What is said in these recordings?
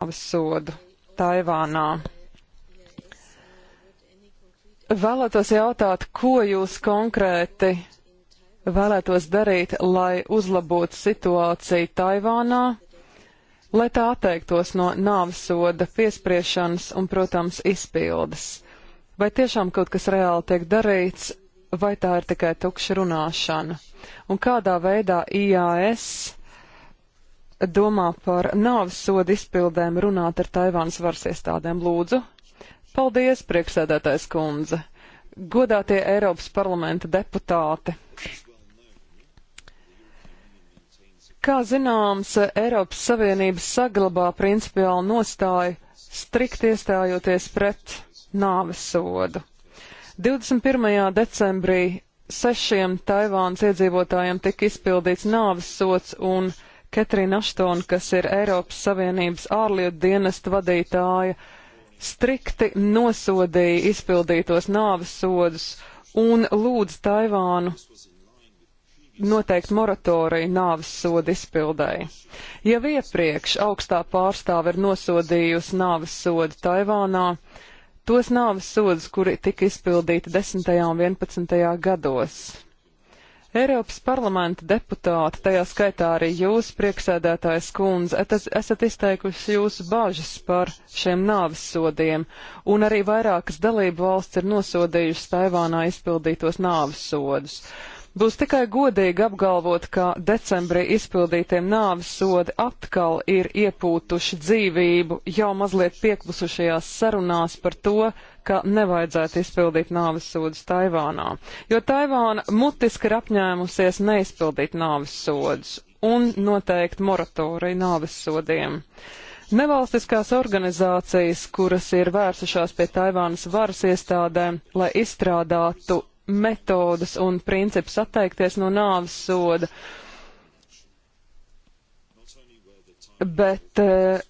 nāves sodu Taivānā. Vēlētos jautāt, ko jūs konkrēti vēlētos darīt, lai uzlabotu situāciju Taivānā, lai tā atteiktos no nāves soda piespriešanas un, protams, izpildes? Vai tiešām kaut kas reāli tiek darīts, vai tā ir tikai tukša runāšana? Un kādā veidā IAS domā par nāves sodu izpildēm runāt ar Taivānas varas iestādēm. Lūdzu! Paldies, prieksēdētājs kundze! Godātie Eiropas parlamenta deputāti! Kā zināms, Eiropas Savienība saglabā principiālu nostāju strikt iestājoties pret nāves sodu. 21. decembrī sešiem Taivānas iedzīvotājiem tika izpildīts nāves sots un Ketrīna Aštona, kas ir Eiropas Savienības ārlietu dienesta vadītāja, strikti nosodīja izpildītos nāves sodus un lūdz Taivānu noteikt moratoriju nāves sodu izpildēji. Jau iepriekš augstā pārstāve ir nosodījusi nāves sodu Taivānā, tos nāves sodus, kuri tika izpildīti 10. un 11. gados. Eiropas parlamenta deputāti, tajā skaitā arī jūs, prieksēdētājs kundze, esat izteikusi jūsu bāžas par šiem nāvis sodiem, un arī vairākas dalību valsts ir nosodījušas Taivānā izpildītos nāvis sodus. Uh, Būs tikai godīgi apgalvot, ka decembrī izpildītiem nāves sodi atkal ir iepūtuši dzīvību jau mazliet pieklusušajās sarunās par to, ka nevajadzētu izpildīt nāves sodus Taivānā, jo Taivāna mutiski ir apņēmusies neizpildīt nāves sodus un noteikt moratoriju nāves sodiem. Nevalstiskās organizācijas, kuras ir vērsušās pie Taivānas varas iestādēm, lai izstrādātu metodas un princips atteikties no nāves soda. Bet uh,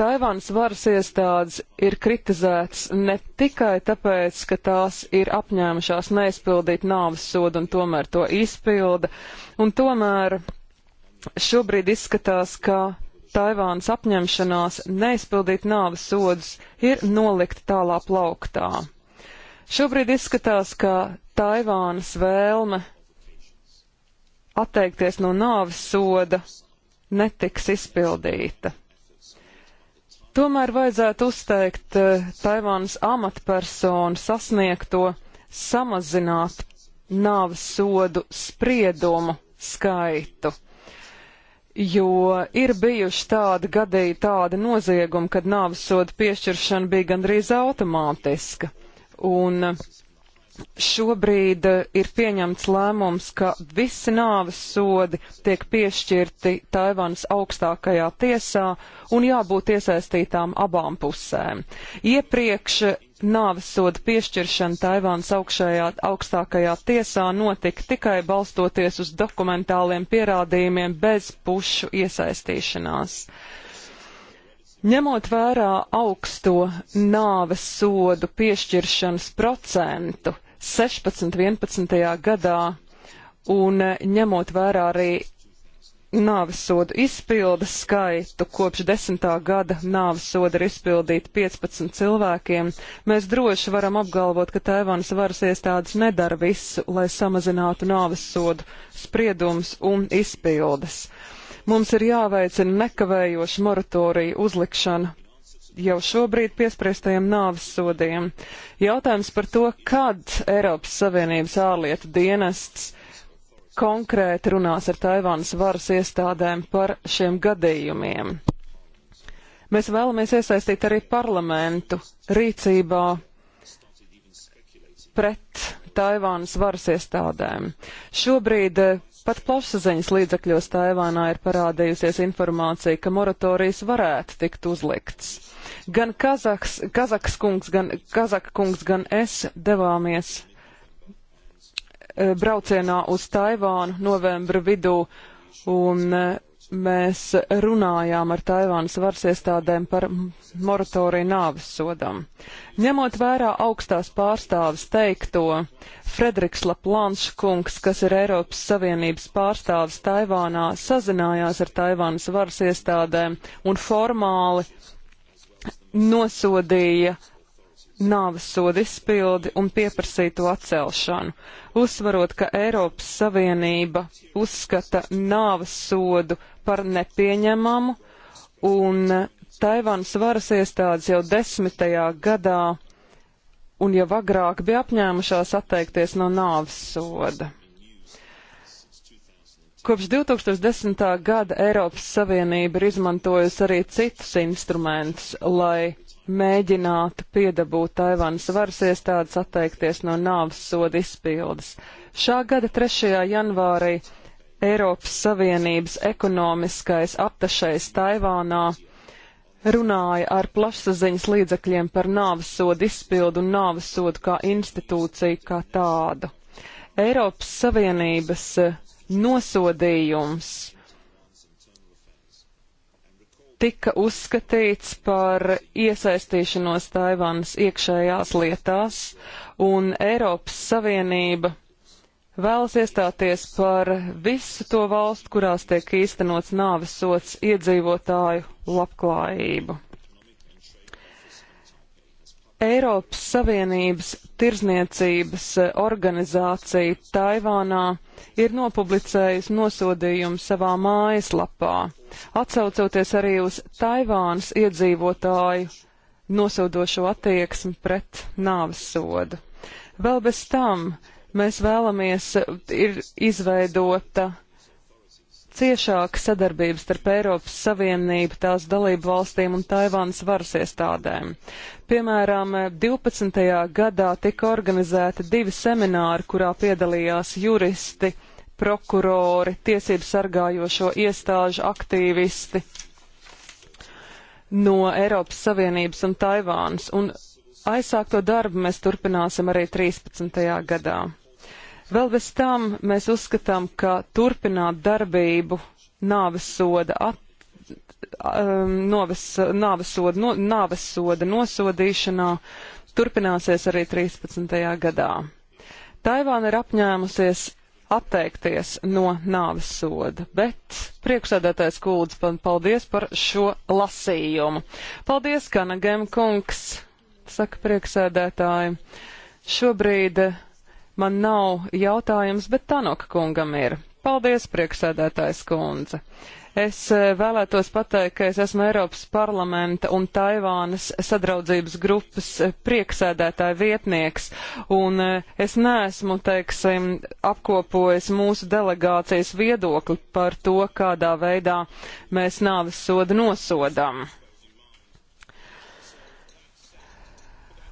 Taivānas varas iestādes ir kritizētas ne tikai tāpēc, ka tās ir apņēmušās neizpildīt nāves sodu un tomēr to izpilda, un tomēr šobrīd izskatās, ka Taivānas apņemšanās neizpildīt nāves sodus ir nolikt tālā plauktā. Šobrīd izskatās, ka Taivānas vēlme atteikties no nāves soda netiks izpildīta. Tomēr vajadzētu uzteikt eh, Taivānas amatpersonu sasniegto samazināt nāves sodu spriedumu skaitu, jo ir bijuši tādi gadījumi, tādi noziegumi, kad nāves soda piešķiršana bija gandrīz automātiska. Un uh, šobrīd eh, ir pieņemts lēmums, ka visi nāves sodi tiek piešķirti Taivānas augstākajā tiesā un jābūt iesaistītām abām pusēm. Iepriekš nāves soda piešķiršana Taivānas augšējā, augstākajā tiesā notika tikai balstoties uz dokumentāliem pierādījumiem bez pušu iesaistīšanās. Ņemot vērā augsto nāves sodu piešķiršanas procentu, 16. 11. gadā un e, ņemot vērā arī nāvisodu izpildes skaitu kopš desmitā gada nāvisoda ir izpildīta 15 cilvēkiem, mēs droši varam apgalvot, ka Taivānas varas iestādes nedara visu, lai samazinātu nāvisodu spriedums un izpildes. Mums ir jāveicina nekavējoša moratorija uzlikšana jau šobrīd piespriestajiem nāves sodiem. Jautājums par to, kad Eiropas Savienības ārlietu dienests konkrēti runās ar Taivānas varas iestādēm par šiem gadījumiem. Mēs vēlamies iesaistīt arī parlamentu rīcībā pret Taivānas varas iestādēm. Šobrīd eh, pat plašsaziņas līdzekļos Taivānā ir parādījusies informācija, ka moratorijas varētu tikt uzlikts. Gan Kazaks, Kazaks kungs, gan Kazaka kungs, gan es devāmies eh, braucienā uz Taivānu novembra vidū, un eh, mēs runājām ar Taivānas varas iestādēm par moratoriju nāves sodam. Ņemot vērā augstās pārstāvis teikto, Frederiks Laplanš kungs, kas ir Eiropas Savienības pārstāvis Taivānā, sazinājās ar Taivānas varas iestādēm un formāli nosodīja nāves sodu izpildi un pieprasīto atcelšanu, uzsvarot, ka Eiropas Savienība uzskata nāves sodu par nepieņemamu, un Taivānas varas iestādes jau desmitajā gadā un jau agrāk bija apņēmušās atteikties no nāves soda. Kopš 2010. gada Eiropas Savienība ir izmantojusi arī citus instrumentus, lai mēģinātu piedabūt Taivānas varas iestādes atteikties no nāves soda izpildes. Šā gada 3. janvārī Eiropas Savienības ekonomiskais aptašais Taivānā runāja ar plašsaziņas līdzekļiem par nāves sodu izpildu un nāves sodu kā institūciju kā tādu. Eiropas Savienības nosodījums tika uzskatīts par iesaistīšanos Taivānas iekšējās lietās, un Eiropas Savienība vēlas iestāties par visu to valstu, kurās tiek īstenots nāvesots iedzīvotāju labklājību. Eiropas Savienības tirzniecības eh, organizācija Taivānā ir nopublicējusi nosodījumu savā mājaslapā, atsaucoties arī uz Taivānas iedzīvotāju nosodošo attieksmi pret nāves sodu. Vēl bez tam mēs vēlamies, eh, ir izveidota ciešāka sadarbība starp Eiropas Savienību, tās dalību valstīm un Taivānas varas iestādēm. Piemēram, 12. gadā tika organizēti divi semināri, kurā piedalījās juristi, prokurori, tiesību sargājošo iestāžu aktīvisti no Eiropas Savienības un Taivānas, un aizsākto darbu mēs turpināsim arī 13. gadā. Vēl bez tam mēs uzskatām, ka turpināt darbību nāves soda at, um, noves, nāves soda, no, nāves soda nosodīšanā turpināsies arī 13. gadā. Taivāna ir apņēmusies atteikties no nāves soda, bet priekšsēdētājs Kulds, paldies par šo lasījumu. Paldies, Kanagem kungs, saka priekšsēdētāji. Šobrīd Man nav jautājums, bet Tanok kungam ir. Paldies, prieksēdētājs kundze. Es e, vēlētos pateikt, ka es esmu Eiropas parlamenta un Taivānas sadraudzības grupas e, prieksēdētāja vietnieks, un e, es neesmu, teiksim, apkopojis mūsu delegācijas viedokli par to, kādā veidā mēs nāvis sodu nosodām.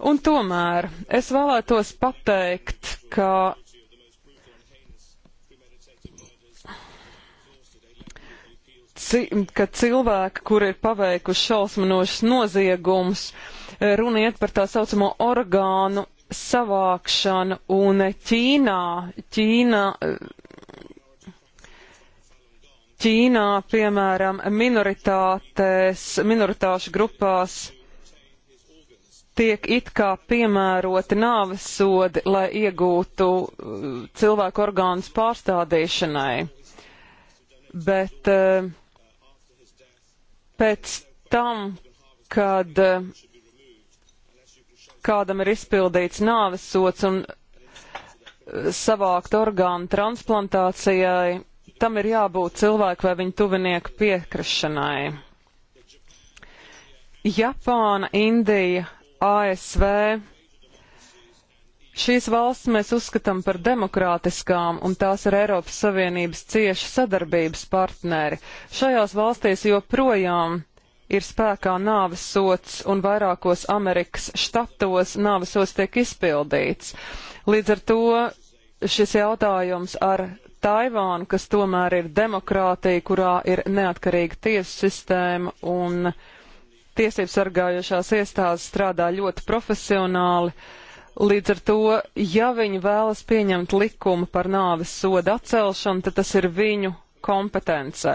Un tomēr es vēlētos pateikt, ka ka cilvēki, kuri ir paveikuši šausminošas noziegums, e, runiet par tā saucamo orgānu savākšanu un Ķīnā, Ķīnā, e, Ķīnā, piemēram, minoritātēs, minoritāšu grupās tiek it kā piemēroti nāves sodi, lai iegūtu uh, cilvēku orgānus pārstādīšanai. Bet uh, pēc tam, kad uh, kādam ir izpildīts nāves sots un savākt orgānu transplantācijai, tam ir jābūt cilvēku vai viņa tuvinieku piekrišanai. Japāna, Indija, ASV. Šīs valsts mēs uzskatām par demokrātiskām, un tās ir Eiropas Savienības cieši sadarbības partneri. Šajās valstīs joprojām ir spēkā nāves sots, un vairākos Amerikas štatos nāves sots tiek izpildīts. Līdz ar to šis jautājums ar Taivānu, kas tomēr ir demokrātija, kurā ir neatkarīga tiesu sistēma un uh, tiesību sargājošās iestādes strādā ļoti profesionāli. Līdz ar to, ja viņi vēlas pieņemt likumu par nāves sodu atcelšanu, tad tas ir viņu kompetencē.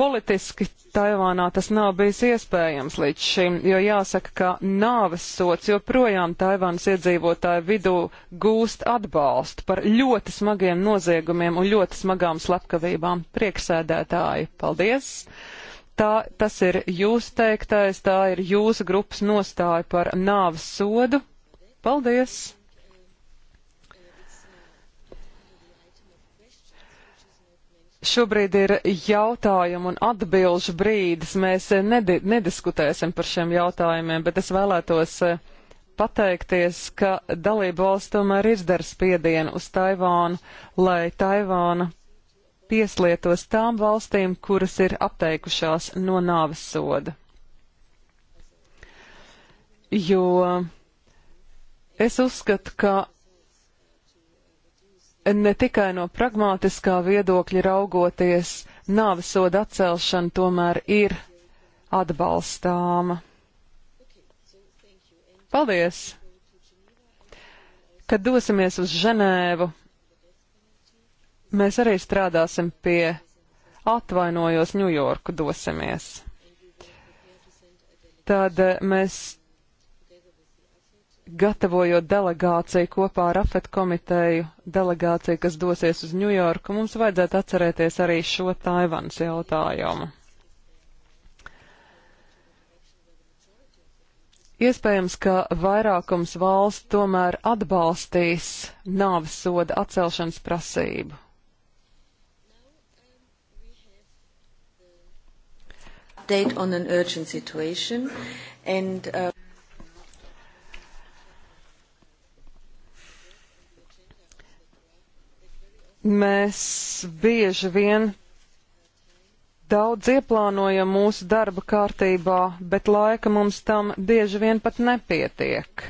Politiski Taivānā tas nav bijis iespējams līdz šim, jo jāsaka, ka nāves sots joprojām Taivānas iedzīvotāju vidū gūst atbalstu par ļoti smagiem noziegumiem un ļoti smagām slepkavībām. Prieksēdētāji, paldies! Tā, tas ir jūsu teiktais, tā ir jūsu grupas nostāja par nāves sodu. Paldies! Šobrīd ir jautājumu un atbilžu brīdis. Mēs nedi nediskutēsim par šiem jautājumiem, bet es vēlētos eh, pateikties, ka dalību valsts tomēr izdara spiedienu uz Taivānu, lai Taivāna pieslietos tām valstīm, kuras ir apteikušās no nāves soda. Jo es uzskatu, ka ne tikai no pragmatiskā viedokļa raugoties, nāves soda atcelšana tomēr ir atbalstāma. Paldies! Kad dosimies uz Ženēvu, Mēs arī strādāsim pie atvainojos Ņujorku dosimies. Tad eh, mēs gatavojot delegāciju kopā ar AFET komiteju, delegāciju, kas dosies uz Ņujorku, mums vajadzētu atcerēties arī šo Taivans jautājumu. Iespējams, ka vairākums valsts tomēr atbalstīs nāves soda atcelšanas prasību. update on an urgent situation and uh, Mēs bieži vien daudz ieplānojam mūsu darba kārtībā, bet laika mums tam bieži vien pat nepietiek.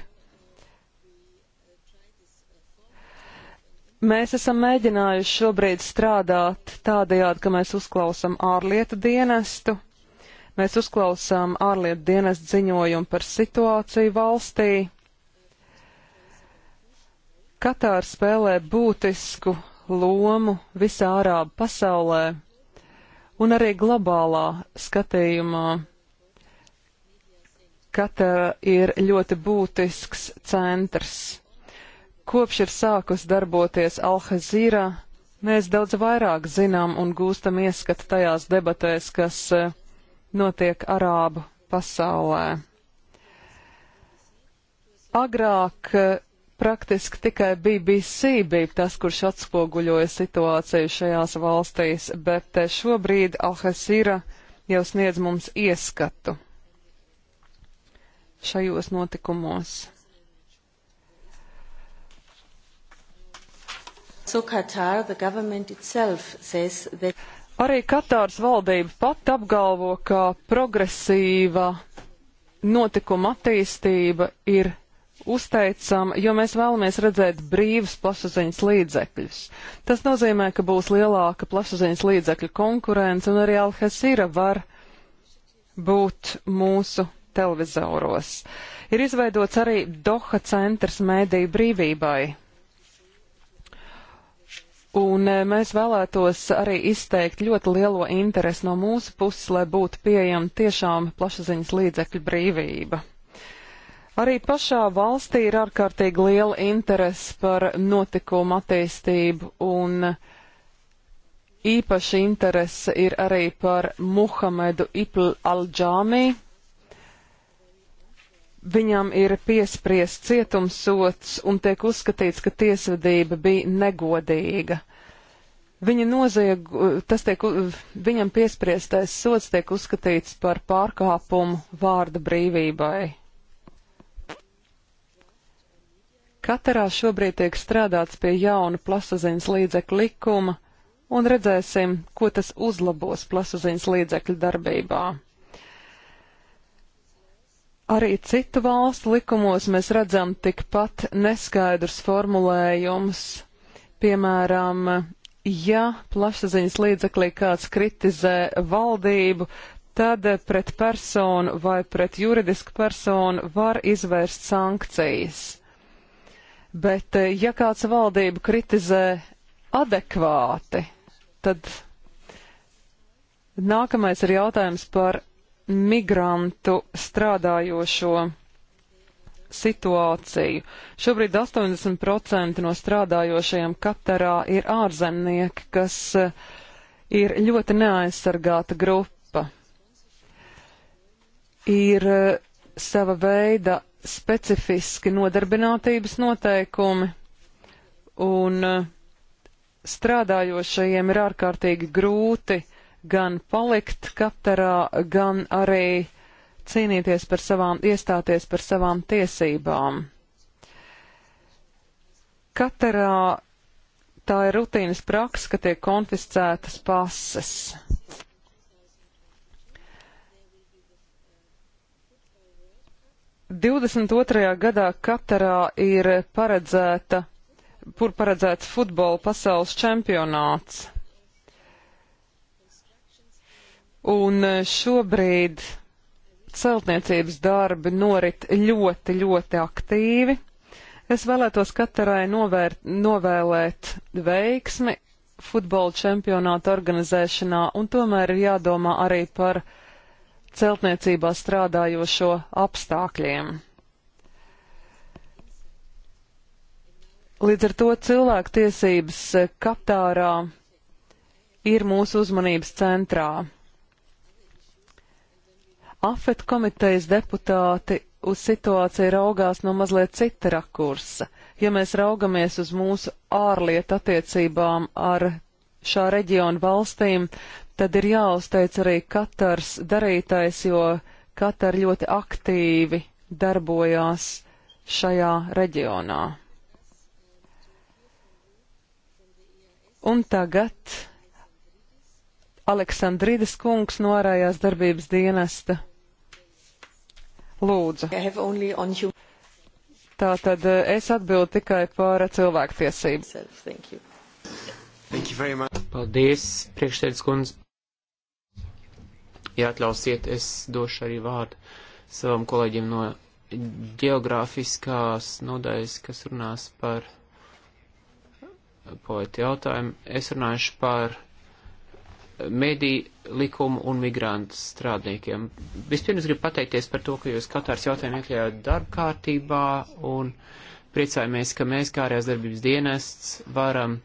Mēs esam mēģinājuši šobrīd strādāt tādajādi, ka mēs uzklausam ārlietu dienestu, Mēs uzklausām ārlietu dienas ziņojumu par situāciju valstī. Katāra spēlē būtisku lomu visā ārābu pasaulē un arī globālā skatījumā. Katara ir ļoti būtisks centrs. Kopš ir sākus darboties Alhazīra, mēs daudz vairāk zinām un gūstam ieskatu tajās debatēs, kas eh, notiek arābu pasaulē. Agrāk eh, praktiski tikai BBC bija tas, kurš atspoguļoja situāciju šajās valstīs, bet eh, šobrīd Alhasira jau sniedz mums ieskatu šajos notikumos. So Qatar, the government itself says that Arī Katāras valdība pat apgalvo, ka progresīva notikuma attīstība ir uzteicama, jo mēs vēlamies redzēt brīvas plašsaziņas līdzekļus. Tas nozīmē, ka būs lielāka plašsaziņas līdzekļu konkurence, un arī Alhasira var būt mūsu televizoros. Ir izveidots arī Doha centrs mēdī brīvībai. Un e, mēs vēlētos arī izteikt ļoti lielo interesi no mūsu puses, lai būtu pieejama tiešām plašsaziņas līdzekļu brīvība. Arī pašā valstī ir ārkārtīgi liela interese par notikumu attīstību, un īpaši interese ir arī par Muhamedu Ipl al-Džāmī, Viņam ir piespriests cietumsots un tiek uzskatīts, ka tiesvedība bija negodīga. Viņa nozieg, tas tiek, viņam piespriestais sots tiek uzskatīts par pārkāpumu vārda brīvībai. Katarā šobrīd tiek strādāts pie jauna plasaziņas līdzekļu likuma, un redzēsim, ko tas uzlabos plasaziņas līdzekļu darbībā. Arī citu valstu likumos mēs redzam tikpat neskaidrs formulējums. Piemēram, ja plašsaziņas līdzeklī kāds kritizē valdību, tad pret personu vai pret juridisku personu var izvērst sankcijas. Bet ja kāds valdību kritizē adekvāti, tad nākamais ir jautājums par migrantu strādājošo situāciju. Šobrīd 80% no strādājošajiem Katarā ir ārzemnieki, kas eh, ir ļoti neaizsargāta grupa. Ir eh, sava veida specifiski nodarbinātības noteikumi, un eh, strādājošajiem ir ārkārtīgi grūti uh, gan palikt Katarā, gan arī cīnīties par savām, iestāties par savām tiesībām. Katarā tā ir rutīnas praksa, ka tiek konfiscētas pases. Divdesmit otrajā gadā Katarā ir paredzēta, kur paredzēts futbola pasaules čempionāts. Un eh, šobrīd celtniecības darbi norit ļoti, ļoti aktīvi. Es vēlētos katrai novērt, novēlēt veiksmi futbola čempionāta organizēšanā, un tomēr ir jādomā arī par celtniecībā strādājošo apstākļiem. Līdz ar to cilvēktiesības eh, Katārā ir mūsu uzmanības centrā. Afet komitejas deputāti uz situāciju raugās no mazliet cita rakursa. Ja mēs raugamies uz mūsu ārlietu attiecībām ar šā reģiona valstīm, tad ir jāuzteic arī Katars darītais, jo Katara ļoti aktīvi darbojās šajā reģionā. Un tagad Aleksandrīdas kungs no ārējās darbības dienesta. Lūdzu. You... Tā tad es atbildu tikai par cilvēktiesību. Thank you. Thank you Paldies, priekšsēdus kundze. Ja atļausiet, es došu arī vārdu savam kolēģim no geogrāfiskās nodaļas, kas runās par poeti jautājumu. Es runāšu par mediju likumu un migrantu strādniekiem. Vispirms gribu pateikties par to, ka jūs katrs jautājumu iekļaujat darba kārtībā un priecājamies, ka mēs kā ārējās darbības dienests varam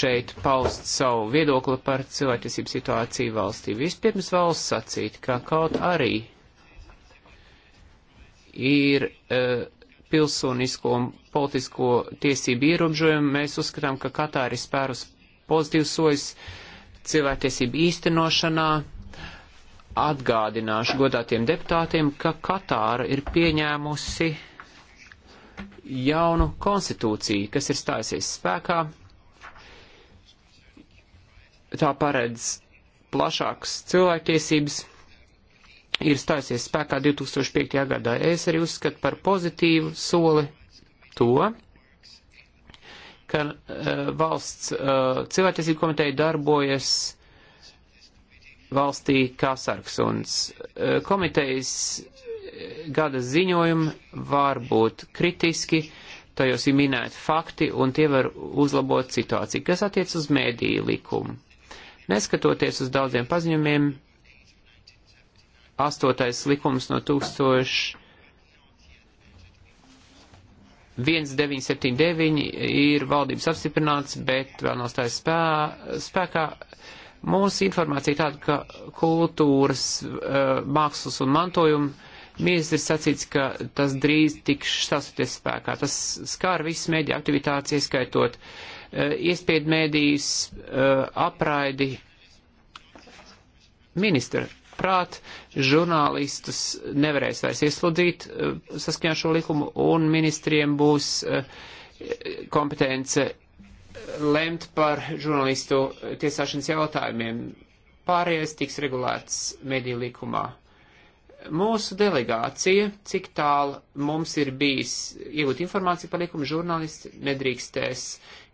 šeit paust savu viedokli par cilvēktiesību situāciju valstī. Vispirms valsts sacīt, ka kaut arī ir uh, pilsonisko un politisko tiesību ierobežojumi, mēs uzskatām, ka Katāra ir spērus pozitīvs sojas uh, cilvēktiesību īstenošanā. Atgādināšu godātiem deputātiem, ka Katāra ir pieņēmusi jaunu konstitūciju, kas ir stājusies spēkā. Tā paredz plašākas cilvēktiesības. Ir stājusies spēkā 2005. gadā. Es arī uzskatu par pozitīvu soli to, ka uh, valsts uh, cilvēktiesību komiteja darbojas valstī kā sarksuns. Uh, eh, komitejas gada ziņojumi var būt kritiski, tajos ir minēti fakti, un tie var uzlabot situāciju, kas attiec uz mēdīju likumu. Neskatoties uz daudziem paziņojumiem, astotais likums no 1000. 1979 ir valdības apstiprināts, bet vēl nav stājis spē, spēkā. Mūsu informācija tāda, ka kultūras, eh, mākslas un mantojuma ministrs sacīts, ka tas drīz tiks stāstoties spēkā. Tas skār visas mēdīja aktivitātes, ieskaitot eh, iespiedu mēdījus, eh, apraidi. Ministra prāt, žurnālistus nevarēs vairs ieslodzīt eh, saskaņā šo likumu, un ministriem būs eh, kompetence eh, lemt par žurnālistu tiesāšanas jautājumiem. Pārējais tiks regulēts mediju likumā. Mūsu delegācija, cik tālu mums ir bijis iegūt informāciju par likumu, žurnālisti nedrīkstēs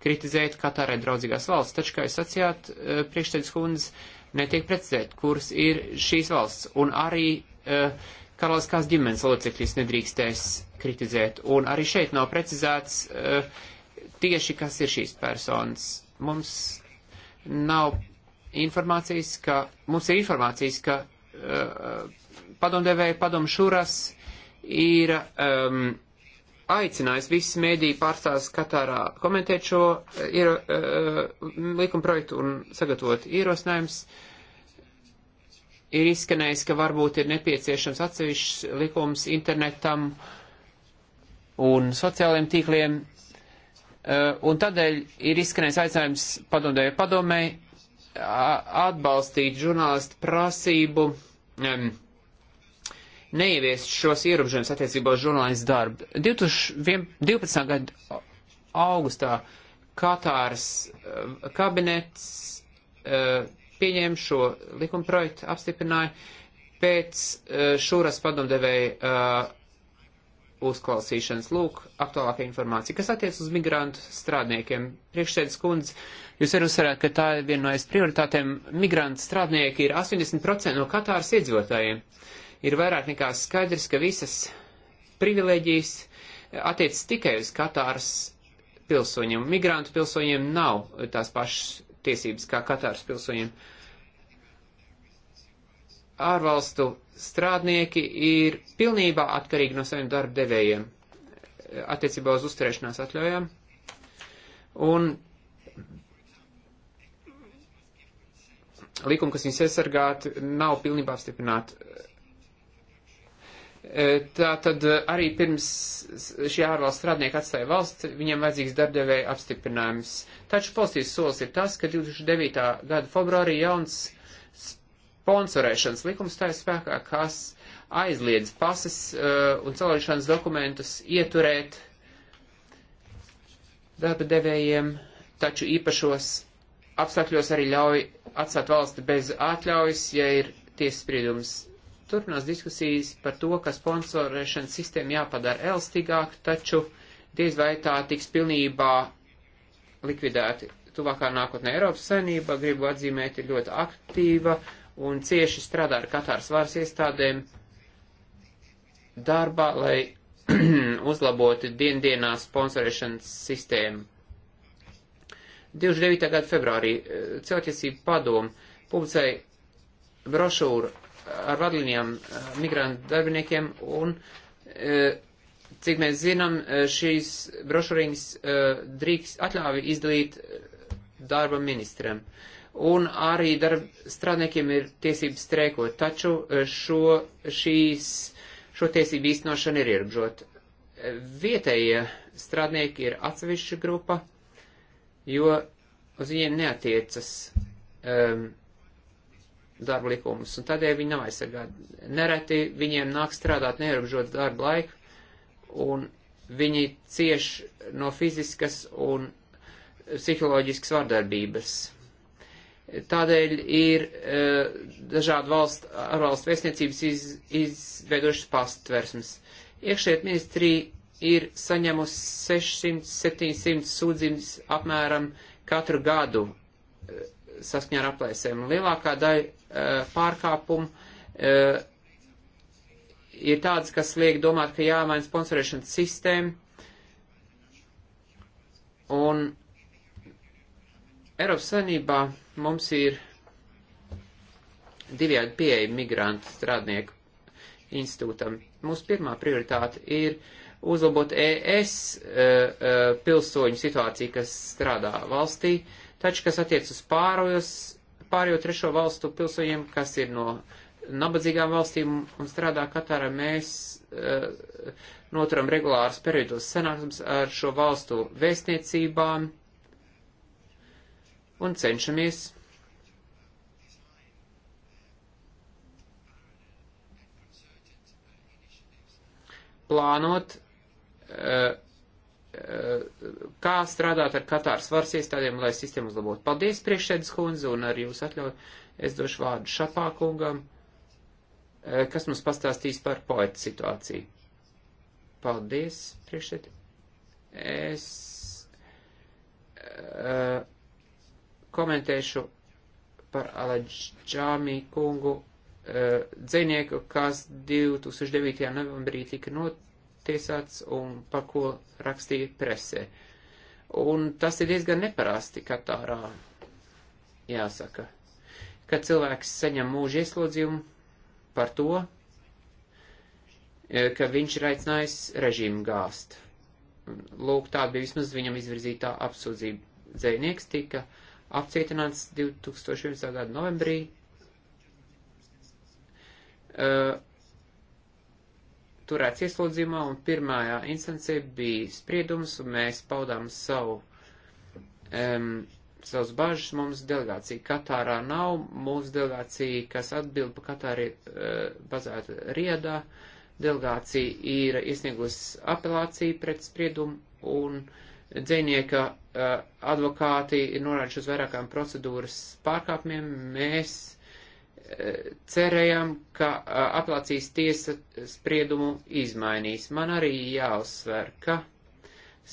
kritizēt Katārai draudzīgās valsts. Taču, kā jūs sacījāt, priekšsēdus kundze, netiek precizēt, kuras ir šīs valsts. Un arī uh, karaliskās ģimenes locekļus nedrīkstēs kritizēt. Un arī šeit nav precizēts uh, tieši, kas ir šīs personas. Mums nav informācijas, ka, mums ir informācijas, ka uh, padomdevēja padomšūras ir um, aicinājis visas mēdīju pārstāvis Katārā komentēt šo eh, iero, uh, eh, likuma projektu un sagatavot ierosinājums. Ir izskanējis, ka varbūt ir nepieciešams atsevišķs likums internetam un sociālajiem tīkliem. Uh, un tādēļ ir izskanējis aicinājums padomdevēju padomēji atbalstīt žurnālistu prasību um, neieviest šos ierobežojumus attiecībā uz žurnālistu darbu. 2012. gada augustā Katāras eh, kabinets eh, pieņēma šo likumprojektu, apstiprināja pēc eh, šūras padomdevēja uzklausīšanas. Lūk, aktuālākā informācija, kas attiec uz migrantu strādniekiem. Priekšsēdus kundze, jūs arī uzsverāt, ka tā ir viena no es prioritātēm. Migrantu strādnieki ir 80% no Katāras iedzīvotājiem. Uh, ir vairāk nekā skaidrs, ka visas privilēģijas attiec tikai uz Katāras pilsoņiem. Migrantu pilsoņiem nav tās pašas tiesības kā Katāras pilsoņiem. Ārvalstu strādnieki ir pilnībā atkarīgi no saviem darba devējiem eh, attiecībā uz uzturēšanās atļaujām. Un likumi, kas viņus aizsargāt, nav pilnībā apstiprināti Eh, tā tad eh, arī pirms šie ārvalsts strādnieki atstāja valsts, viņiem vajadzīgs darbdevēja apstiprinājums. Taču pozitīvs solis ir tas, ka 2009. gada februārī jauns sponsorēšanas likums tā ir spēkā, kas aizliedz pases uh, un celēšanas dokumentus ieturēt darba devējiem, taču īpašos apstākļos arī ļauj atstāt valsti bez atļaujas, ja ir tiesas spriedums turpinās diskusijas par to, ka sponsorēšanas sistēma jāpadara elastīgāk, taču diez vai tā tiks pilnībā likvidēti. Tuvākā nākotnē Eiropas saimnība, gribu atzīmēt, ir ļoti aktīva un cieši strādā ar Katāras varas iestādēm darbā, lai uzlabotu diendienā sponsorēšanas sistēmu. 29. gada februārī eh, Celtiesība padomu publicēja brošūru ar vadlinijām eh, migrantu darbiniekiem un, eh, cik mēs zinām, eh, šīs brošurīņas drīkst atļāvi izdalīt darba ministram. Un arī darb, strādniekiem ir tiesības streikot, taču šo, šīs, šo tiesību īstenošana ir ierobežota. Vietējie strādnieki ir atsevišķa grupa, jo uz viņiem neatiecas um, darba likumus, un tādēļ viņi nav aizsargāti. Nereti viņiem nāk strādāt neierobežot darba laiku, un viņi cieš no fiziskas un psiholoģiskas vardarbības. Tādēļ ir e, dažādi valsts, ārvalstu vēstniecības iz, izveidojušas pastversmes. Iekšliet ministrija ir saņemusi 600-700 sūdzības apmēram katru gadu e, saskaņā ar aplēsēm. Lielākā daļa Eh, pārkāpumu, eh, ir tāds, kas liek domāt, ka jāmaina sponsorēšanas sistēma. Un Eiropas Savienībā mums ir divādi pieeja migrantu strādnieku institūtam. Mūsu pirmā prioritāte ir uzlabot ES eh, pilsoņu situāciju, kas strādā valstī, taču, kas attiec uz pārojus pārējo trešo valstu pilsoņiem, kas ir no nabadzīgām valstīm un strādā Katārā, mēs uh, noturam regulāras periodos sanāksmes ar šo valstu vēstniecībām un cenšamies plānot uh, kā strādāt ar Katāras varas iestādēm, lai sistēmu uzlabotu. Paldies, priekšsēdus kundze, un ar jūs atļauju es došu vārdu Šapā kungam, eh, kas mums pastāstīs par poeta situāciju. Paldies, priekšsēd. Es uh, komentēšu par Alaģģāmī kungu uh, dzinieku, kas 2009. novembrī tika noticis tiesāts un par ko rakstīja presē. Un tas ir diezgan neparasti Katārā, jāsaka, ka cilvēks saņem mūža ieslodzījumu par to, e, ka viņš ir aicinājis režīmu gāzt. Lūk, tāda bija vismaz viņam izvirzītā apsūdzība. Dzēnieks tika apcietināts 2011. gada novembrī. Uh, turēts ieslodzījumā, un pirmajā instancē bija spriedums, un mēs paudām savu, um, savus bažas. Mums delegācija Katārā nav, mūsu delegācija, kas atbild pa Katāri, uh, bazēta Riedā, delegācija ir iesniegusi apelāciju pret spriedumu, un dzinieka uh, advokāti ir norādījuši uz vairākām procedūras pārkāpumiem. Mēs cerējām, ka apelācijas tiesa spriedumu izmainīs. Man arī jāuzsver, ka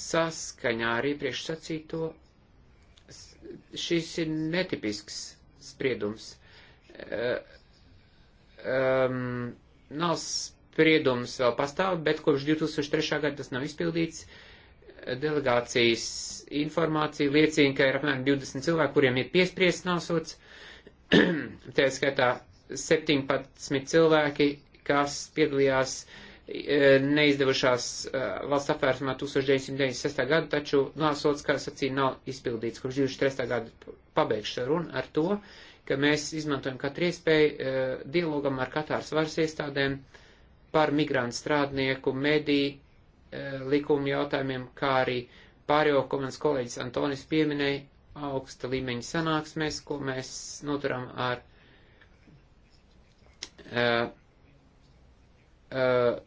saskaņā ar iepriekš sacīto šis ir netipisks spriedums. Um, nav spriedums vēl pastāv, bet kopš 2003. gada tas nav izpildīts. Delegācijas informācija liecina, ka ir apmēram 20 cilvēki, kuriem ir piespriests nosots. Uh, Tā skaitā 17 cilvēki, kas piedalījās e, neizdevušās e, valsts apvērsumā 1996. gadu, taču nāsots, kā sacīja, nav izpildīts, kurš 23. gadu pabeigšu runu ar to, ka mēs izmantojam katru iespēju e, dialogam ar Katāras varas iestādēm par migrantu strādnieku, mediju, likumu jautājumiem, kā arī pārējo, ko mans kolēģis Antonis pieminēja, augsta līmeņa sanāksmēs, ko mēs noturam ar uh, eh, uh, eh,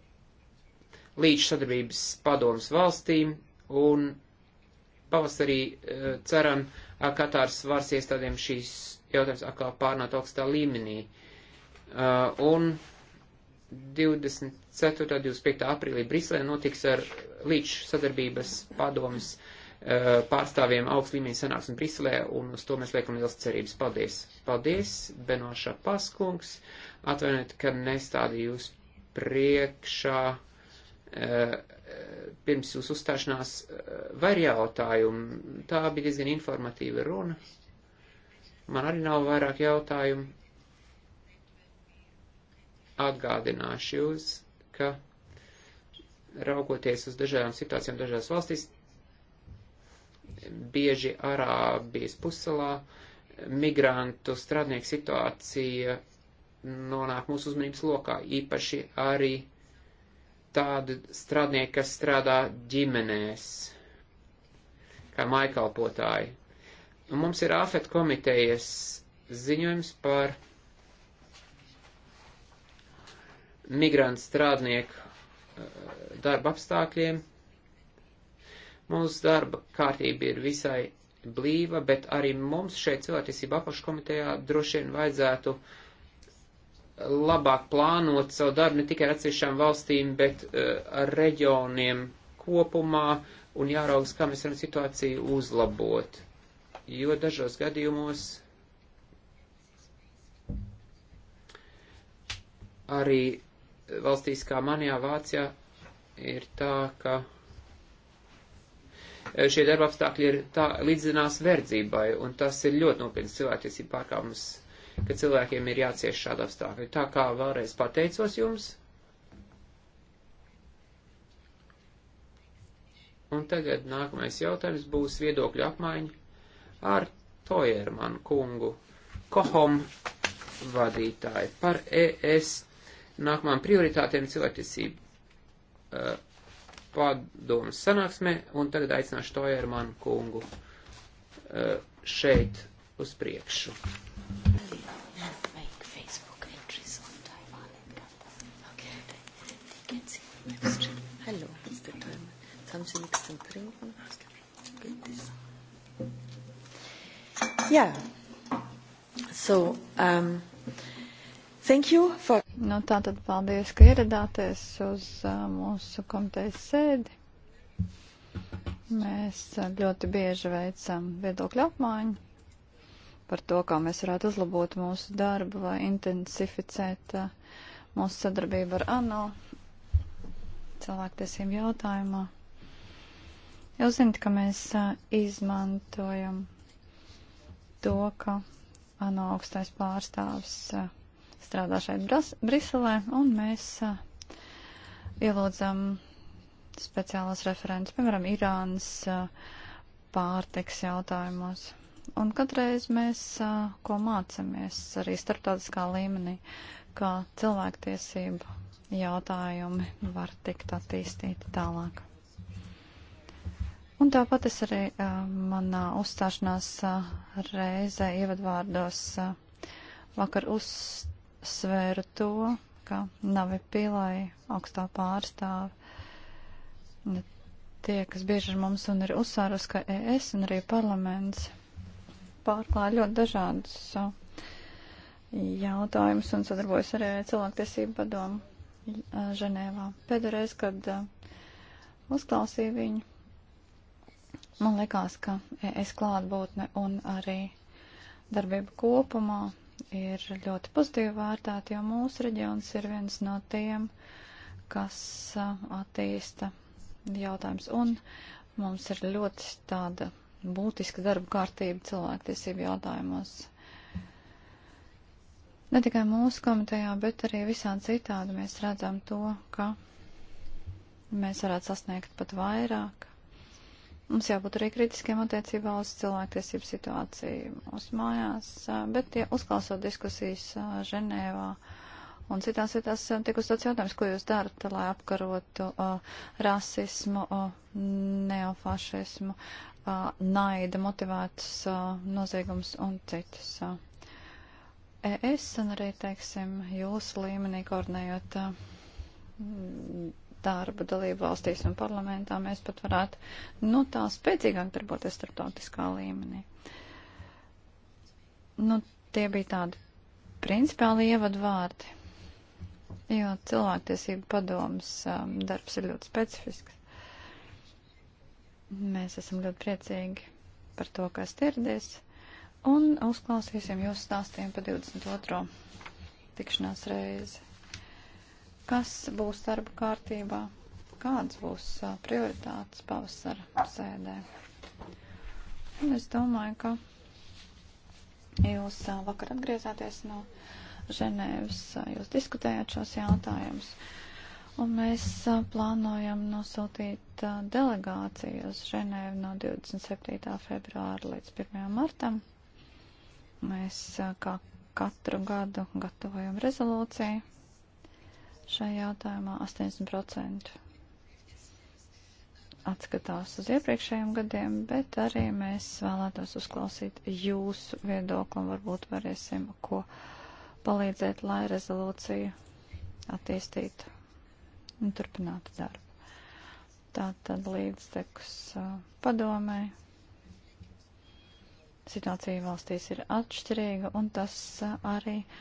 līdz sadarbības padomus valstīm un pavasarī uh, ceram ar Katāras varas iestādēm šīs jautājums atkal pārnāt augstā līmenī. Uh, un 24. un 25. aprīlī Briselē notiks ar līdz sadarbības padomus uh, Eh, pārstāvjiem augsts līmeņa sanāksmi Briselē, un uz to mēs liekam liels cerības. Paldies! Paldies, Benoša Paskungs! Atvainojiet, ka nestādīju jūs priekšā eh, pirms jūsu uzstāšanās eh, vai ir jautājumi. Tā bija diezgan informatīva runa. Man arī nav vairāk jautājumu. Atgādināšu jūs, ka raugoties uz dažādām situācijām dažās valstīs, bieži Arābijas puselā migrantu strādnieku situācija nonāk mūsu uzmanības lokā, īpaši arī tādu strādnieku, kas strādā ģimenēs, kā maikalpotāji. Mums ir AFET komitejas ziņojums par migrantu strādnieku eh, darba apstākļiem Mūsu darba kārtība ir visai blīva, bet arī mums šeit cilvēktiesība apakškomitejā droši vien vajadzētu labāk plānot savu darbu ne tikai ar atsevišķām valstīm, bet uh, ar reģioniem kopumā un jāraugs, kā mēs varam situāciju uzlabot. Jo dažos gadījumos arī valstīs kā manijā Vācijā ir tā, ka Eh, šie darba apstākļi ir tā līdzinās verdzībai, un tas ir ļoti nopietns cilvēktiesību pārkāpums, ka cilvēkiem ir jācieš šāda apstākļa. Tā kā vēlreiz pateicos jums. Un tagad nākamais jautājums būs viedokļu apmaiņa ar Tojermanu kungu, Kohom vadītāju par ES nākamām prioritātēm cilvēktiesību uh, padomas sanāksmē, un tagad aicināšu to Jermanu kungu eh, šeit uz priekšu. Hallo, ist der Timer. Jetzt haben Sie nichts zum Trinken. Geht es? Yeah. So, um, thank you for Nu, tā tad paldies, ka ieradāties uz uh, mūsu komitejas sēdi. Mēs uh, ļoti bieži veicam viedokļu apmaiņu par to, kā mēs varētu uzlabot mūsu darbu vai intensificēt uh, mūsu sadarbību ar ANO cilvēktiesību jautājumā. Jūs zināt, ka mēs uh, izmantojam to, ka ANO augstais pārstāvs. Uh, strādā šeit Bras Briselē, un mēs uh, ielūdzam speciālos referents, piemēram, Irānas uh, pārtiks jautājumos. Un katreiz mēs uh, ko mācamies arī starptautiskā līmenī, kā cilvēktiesību jautājumi var tikt attīstīti tālāk. Un tāpat es arī uh, manā uzstāšanās uh, reizē ievadvārdos uh, vakar uzstāšanās uzsvēra to, ka Navi Pilai augstā pārstāve tie, kas bieži ar mums un ir uzsvērus, ka ES un arī parlaments pārklāja ļoti dažādus uh, jautājumus un sadarbojas arī cilvēktiesību padomu uh, Ženēvā. Pēdējais, kad uh, uzklausīju viņu, man likās, ka ES klātbūtne un arī darbība kopumā ir ļoti pozitīvi vērtēti, jo mūsu reģions ir viens no tiem, kas attīsta jautājums. Un mums ir ļoti tāda būtiska darba kārtība cilvēktiesību jautājumos. Ne tikai mūsu komitejā, bet arī visādi citādi mēs redzam to, ka mēs varētu sasniegt pat vairāk Mums jābūt arī kritiskiem attiecībā uz cilvēktiesību situāciju mūsu mājās, bet ja uzklausot diskusijas Ženēvā un citās vietās, tiek uzdots jautājums, ko jūs darat, lai apkarotu uh, rasismu, uh, neofašismu, uh, naida motivētus uh, noziegums un citus. Uh. Es un arī, teiksim, jūsu līmenī koordinējot. Uh, darbu dalību valstīs un parlamentā, mēs pat varētu nu, tā spēcīgāk darboties starptautiskā līmenī. Nu, tie bija tādi principāli ievadvārdi, jo cilvēktiesību padomas um, darbs ir ļoti specifisks. Mēs esam ļoti priecīgi par to, kas tirdies, un uzklausīsim jūsu stāstiem pa 22. tikšanās reizi. Kas būs darba kārtībā? Kādas būs prioritātes pavasara sēdē? Un es domāju, ka jūs vakar atgriezāties no Ženēvas, jūs diskutējāt šos jautājumus. Un mēs plānojam nosūtīt delegāciju uz Ženēvu no 27. februāra līdz 1. martam. Mēs kā katru gadu gatavojam rezolūciju šajā jautājumā 80% atskatās uz iepriekšējiem gadiem, bet arī mēs vēlētos uzklausīt jūsu viedokli un varbūt varēsim ko palīdzēt, lai rezolūciju attīstītu un turpinātu darbu. Tā tad līdztekus padomē. Situācija valstīs ir atšķirīga un tas arī uh,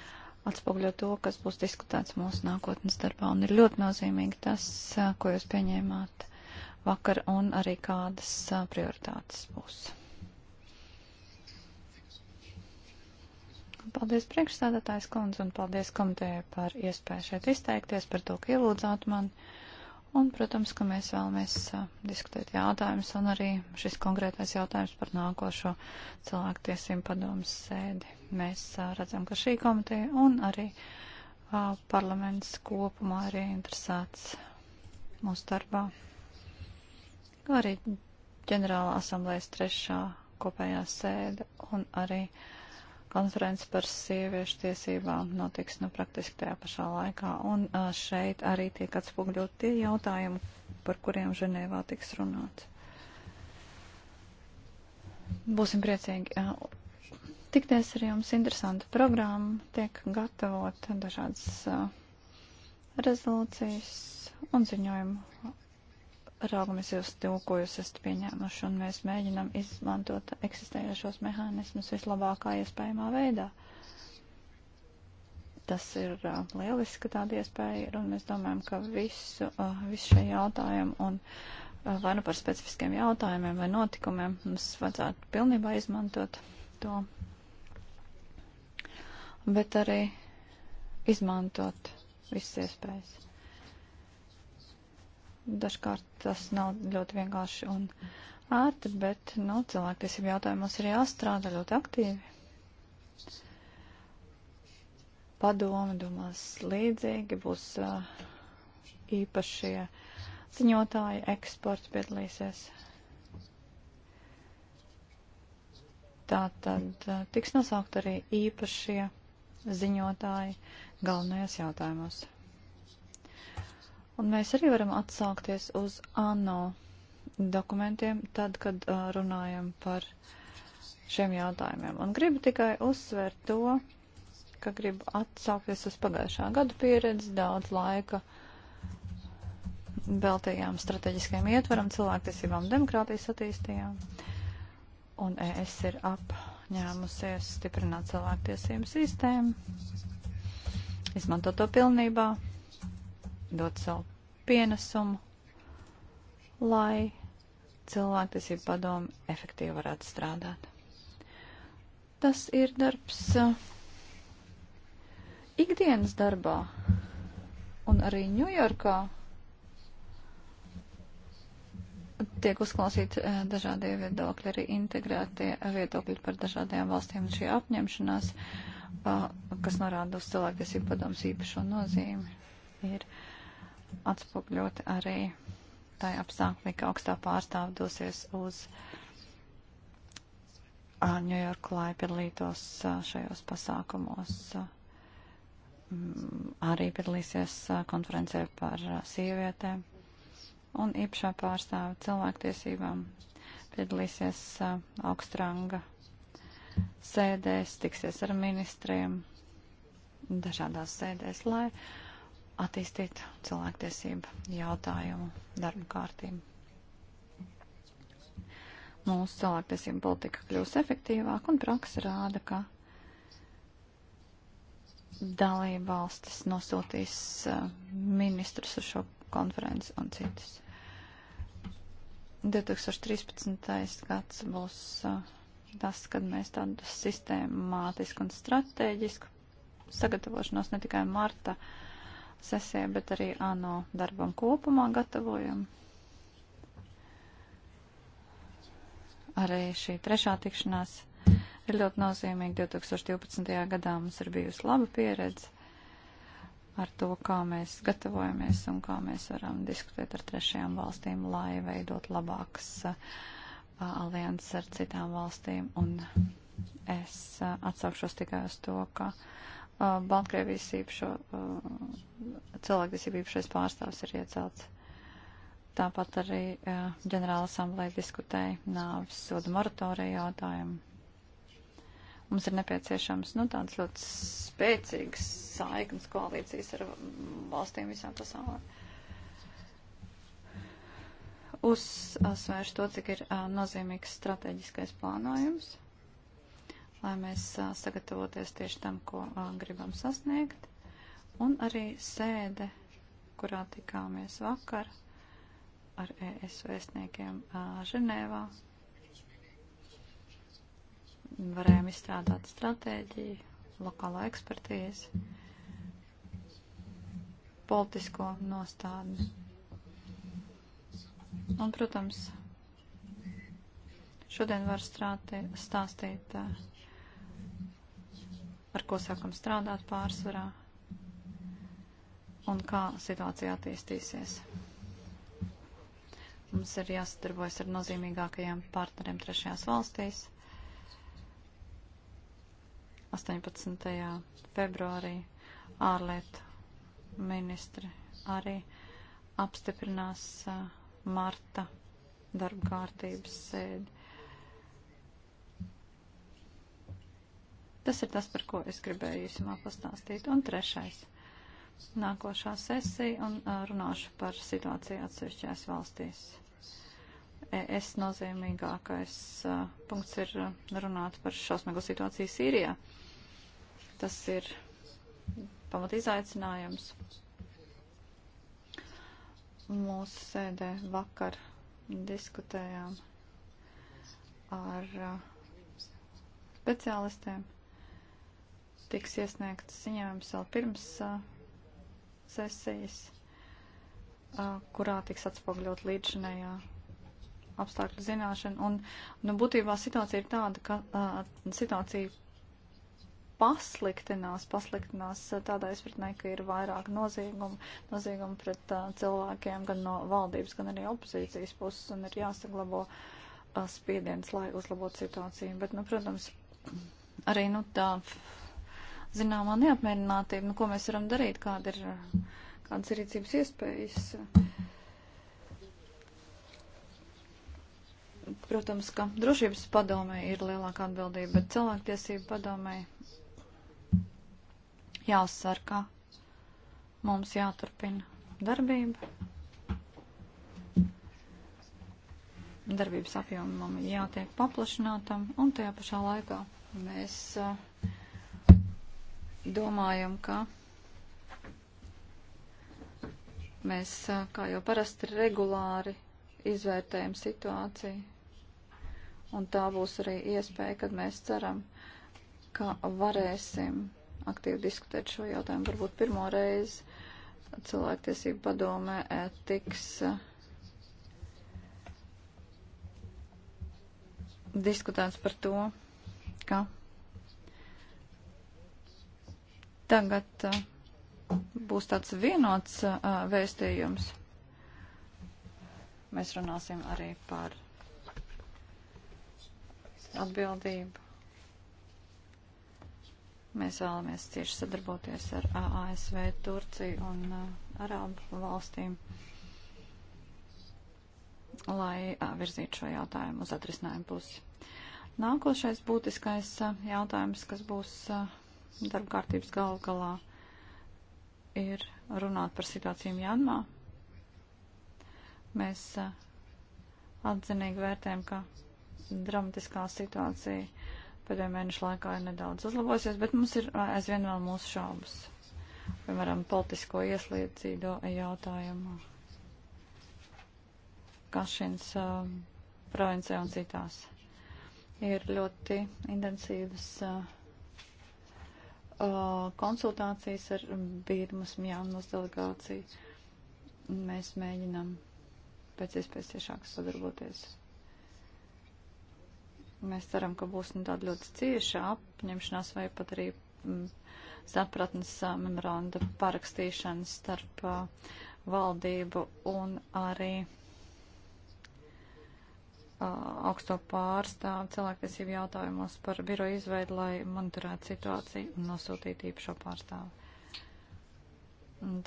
atspoguļo to, kas būs diskutēts mūsu nākotnes darbā. Un ir ļoti nozīmīgi tas, ko jūs pieņēmāt vakar, un arī kādas prioritātes būs. Paldies priekšstādātājs kundze un paldies komitējai par iespēju šeit izteikties, par to, ka ielūdzāt mani. Un, protams, ka mēs vēlamies diskutēt jautājumus un arī šis konkrētais jautājums par nākošo cilvēku tiesību padomus sēdi. Mēs redzam, ka šī komiteja un arī parlaments kopumā ir interesēts mūsu darbā. Arī ģenerāla asamblējas trešā kopējā sēde un arī uh, Konferences par sieviešu tiesībām notiks nu, praktiski tajā pašā laikā. Un uh, šeit arī tiek atspūgļot tie jautājumi, par kuriem Ženēvā tiks runāts. Būsim priecīgi. Uh, tikties ar jums interesanta programma, tiek gatavot dažādas uh, rezolūcijas un ziņojumu raugamies uz to, ko jūs esat pieņēmuši, un mēs mēģinam izmantot eksistējošos mehānismus vislabākā iespējamā veidā. Tas ir uh, lieliski, ka tāda iespēja ir, un mēs domājam, ka visu, uh, visu šie jautājumi un uh, vai nu par specifiskiem jautājumiem vai notikumiem mums vajadzētu pilnībā izmantot to, bet arī izmantot visas iespējas. Dažkārt tas nav ļoti vienkārši un ērti, bet, nu, cilvēktiesību jautājumos ir jāstrādā ļoti aktīvi. Padomi domās līdzīgi, būs uh, īpašie ziņotāji, eksports piedalīsies. Tā tad uh, tiks nosaukt arī īpašie ziņotāji galvenajos jautājumos. Un mēs arī varam atsaukties uz ANO dokumentiem, tad, kad uh, runājam par šiem jautājumiem. Un gribu tikai uzsvērt to, ka gribu atsaukties uz pagājušā gada pieredzi, daudz laika veltījām strateģiskajam ietvaram, cilvēktiesībām, demokrātijas attīstījām. Un ES ir apņēmusies stiprināt cilvēktiesību sistēmu, izmantot to pilnībā dot savu pienesumu, lai cilvēktiesību padomu efektīvi varētu strādāt. Tas ir darbs uh, ikdienas darbā un arī Ņujorkā tiek uzklausīti uh, dažādie viedokļi, arī integrētie viedokļi par dažādajām valstīm un šī apņemšanās, uh, kas norāda uz cilvēktiesību padomus īpašo nozīmi, ir atspogļot arī tai apstākļi, ka augstā pārstāva dosies uz Ņujorku, lai piedalītos šajos pasākumos. Mm, arī piedalīsies konferencē par sievietēm un īpašā pārstāva cilvēktiesībām. Piedalīsies augstranga sēdēs, tiksies ar ministriem dažādās sēdēs, lai attīstīt cilvēktiesību jautājumu darba kārtību. Mūsu cilvēktiesību politika kļūs efektīvāk un praksa rāda, ka dalība valstis nosūtīs uh, ministrus uz šo konferenci un citus. 2013. gads būs uh, tas, kad mēs tādu sistēmātisku un strateģisku sagatavošanos ne tikai marta uh, sesijai, bet arī ANO darbam kopumā gatavojam. Arī šī trešā tikšanās ir ļoti nozīmīga. 2012. gadā mums ir bijusi laba pieredze ar to, kā mēs gatavojamies un kā mēs varam diskutēt ar trešajām valstīm, lai veidot labākas alianses ar citām valstīm. Un es a, atsaukšos tikai uz to, ka Uh, Baltkrievijas īpašo uh, cilvēktiesību īpašais pārstāvs ir iecelts. Tāpat arī uh, ģenerāla asamblēja diskutēja nāvis soda moratorija jautājumu. Mums ir nepieciešams nu, tāds ļoti spēcīgs saiknes koalīcijas ar um, valstīm visā pasaulē. Uzsvērš to, cik ir nozīmīgs strateģiskais plānojums lai mēs sagatavoties tieši tam, ko gribam sasniegt. Un arī sēde, kurā tikāmies vakar ar ES vēstniekiem Ženēvā, varējām izstrādāt stratēģiju, lokālo ekspertīzi, politisko nostādni. Un, protams, šodien var strāti, stāstīt uh, ar ko sākam strādāt pārsvarā un kā situācija attīstīsies. Mums ir jāsadarbojas ar nozīmīgākajiem partneriem trešajās valstīs. 18. februārī ārlietu ministri arī apstiprinās uh, marta darba kārtības sēdi. Tas ir tas, par ko es gribēju īsumā pastāstīt. Un trešais. Nākošā sesija un runāšu par situāciju atsevišķās valstīs. Es nozīmīgākais punkts ir runāt par šausmīgo situāciju Sīrijā. Tas ir pamat izaicinājums. Mūsu sēdē vakar diskutējām ar speciālistiem tiks iesniegts ziņojums vēl pirms uh, sesijas, uh, kurā tiks atspogļot līdzinējā apstākļu zināšana. Un, nu, būtībā situācija ir tāda, ka uh, situācija pasliktinās, pasliktinās tādā izpratnē, ka ir vairāk noziegumu, noziegumu pret uh, cilvēkiem gan no valdības, gan arī opozīcijas puses un ir jāsaglabo uh, spiediens, lai uzlabotu situāciju. Bet, nu, protams, arī, nu, tā zināmā neapmierinātība. Nu, ko mēs varam darīt? Kāda ir, kādas ir rīcības iespējas? Protams, ka drošības padomē ir lielāka atbildība, bet cilvēktiesība padomē jāuzsver, ka mums jāturpina darbība. Darbības apjomam jātiek paplašinātam un tajā pašā laikā mēs uh, domājam, ka mēs, kā jau parasti, regulāri izvērtējam situāciju. Un tā būs arī iespēja, kad mēs ceram, ka varēsim aktīvi diskutēt šo jautājumu. Varbūt pirmo reizi cilvēktiesību padomē e, tiks diskutēts par to, ka Tagad uh, būs tāds vienots uh, vēstījums. Mēs runāsim arī par atbildību. Mēs vēlamies cieši sadarboties ar uh, ASV, Turciju un uh, Arābu valstīm, lai uh, virzītu šo jautājumu uz atrisinājumu pusi. Nākošais būtiskais uh, jautājums, kas būs uh, darba kārtības gal galā ir runāt par situāciju Janmā. Mēs eh, atzinīgi vērtējam, ka dramatiskā situācija pēdējo mēnešu laikā ir nedaudz uzlabojusies, bet mums ir eh, aizvien vēl mūsu šaubas. Piemēram, politisko ieslīdzīdo jautājumu Kašins uh, provincē un citās. Ir ļoti intensīvas uh, konsultācijas ar Birmas Mjānmas delegāciju. Mēs mēģinām pēc iespējas ciešāk sadarboties. Mēs ceram, ka būs nu, tāda ļoti cieša apņemšanās vai pat arī m, mm, sapratnes memoranda parakstīšana starp uh, valdību un arī augsto pārstāvu cilvēktiesību jautājumos par biro izveidu, lai monitorētu situāciju un nosūtītu īpašo pārstāvu.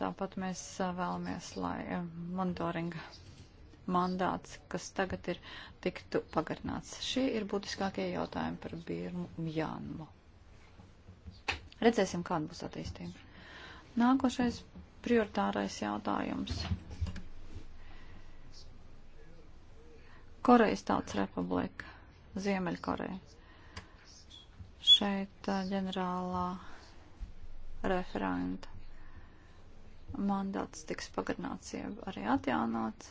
Tāpat mēs vēlamies, lai monitoringa mandāts, kas tagad ir, tiktu pagarināts. Šie ir būtiskākie jautājumi par Birmu Jānmu. Redzēsim, kāda būs attīstība. Nākošais prioritārais jautājums Korejas tautas republika, Ziemeļkoreja. Šeit ģenerālā referenta mandāts tiks pagarināts, jeb arī atjaunots.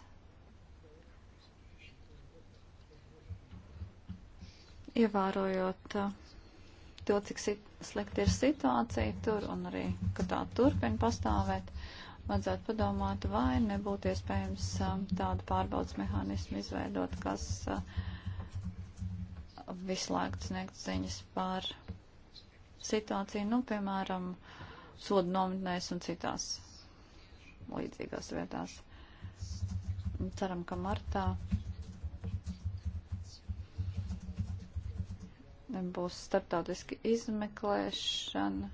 Ievērojot to, cik slikta ir situācija tur un arī, ka tā turpina pastāvēt, vajadzētu padomāt, vai nebūtu iespējams um, tādu pārbaudas mehānismu izveidot, kas uh, visu laiku sniegt ziņas par situāciju, nu, piemēram, sodu nometnēs un citās līdzīgās vietās. Ceram, ka martā būs starptautiski izmeklēšana,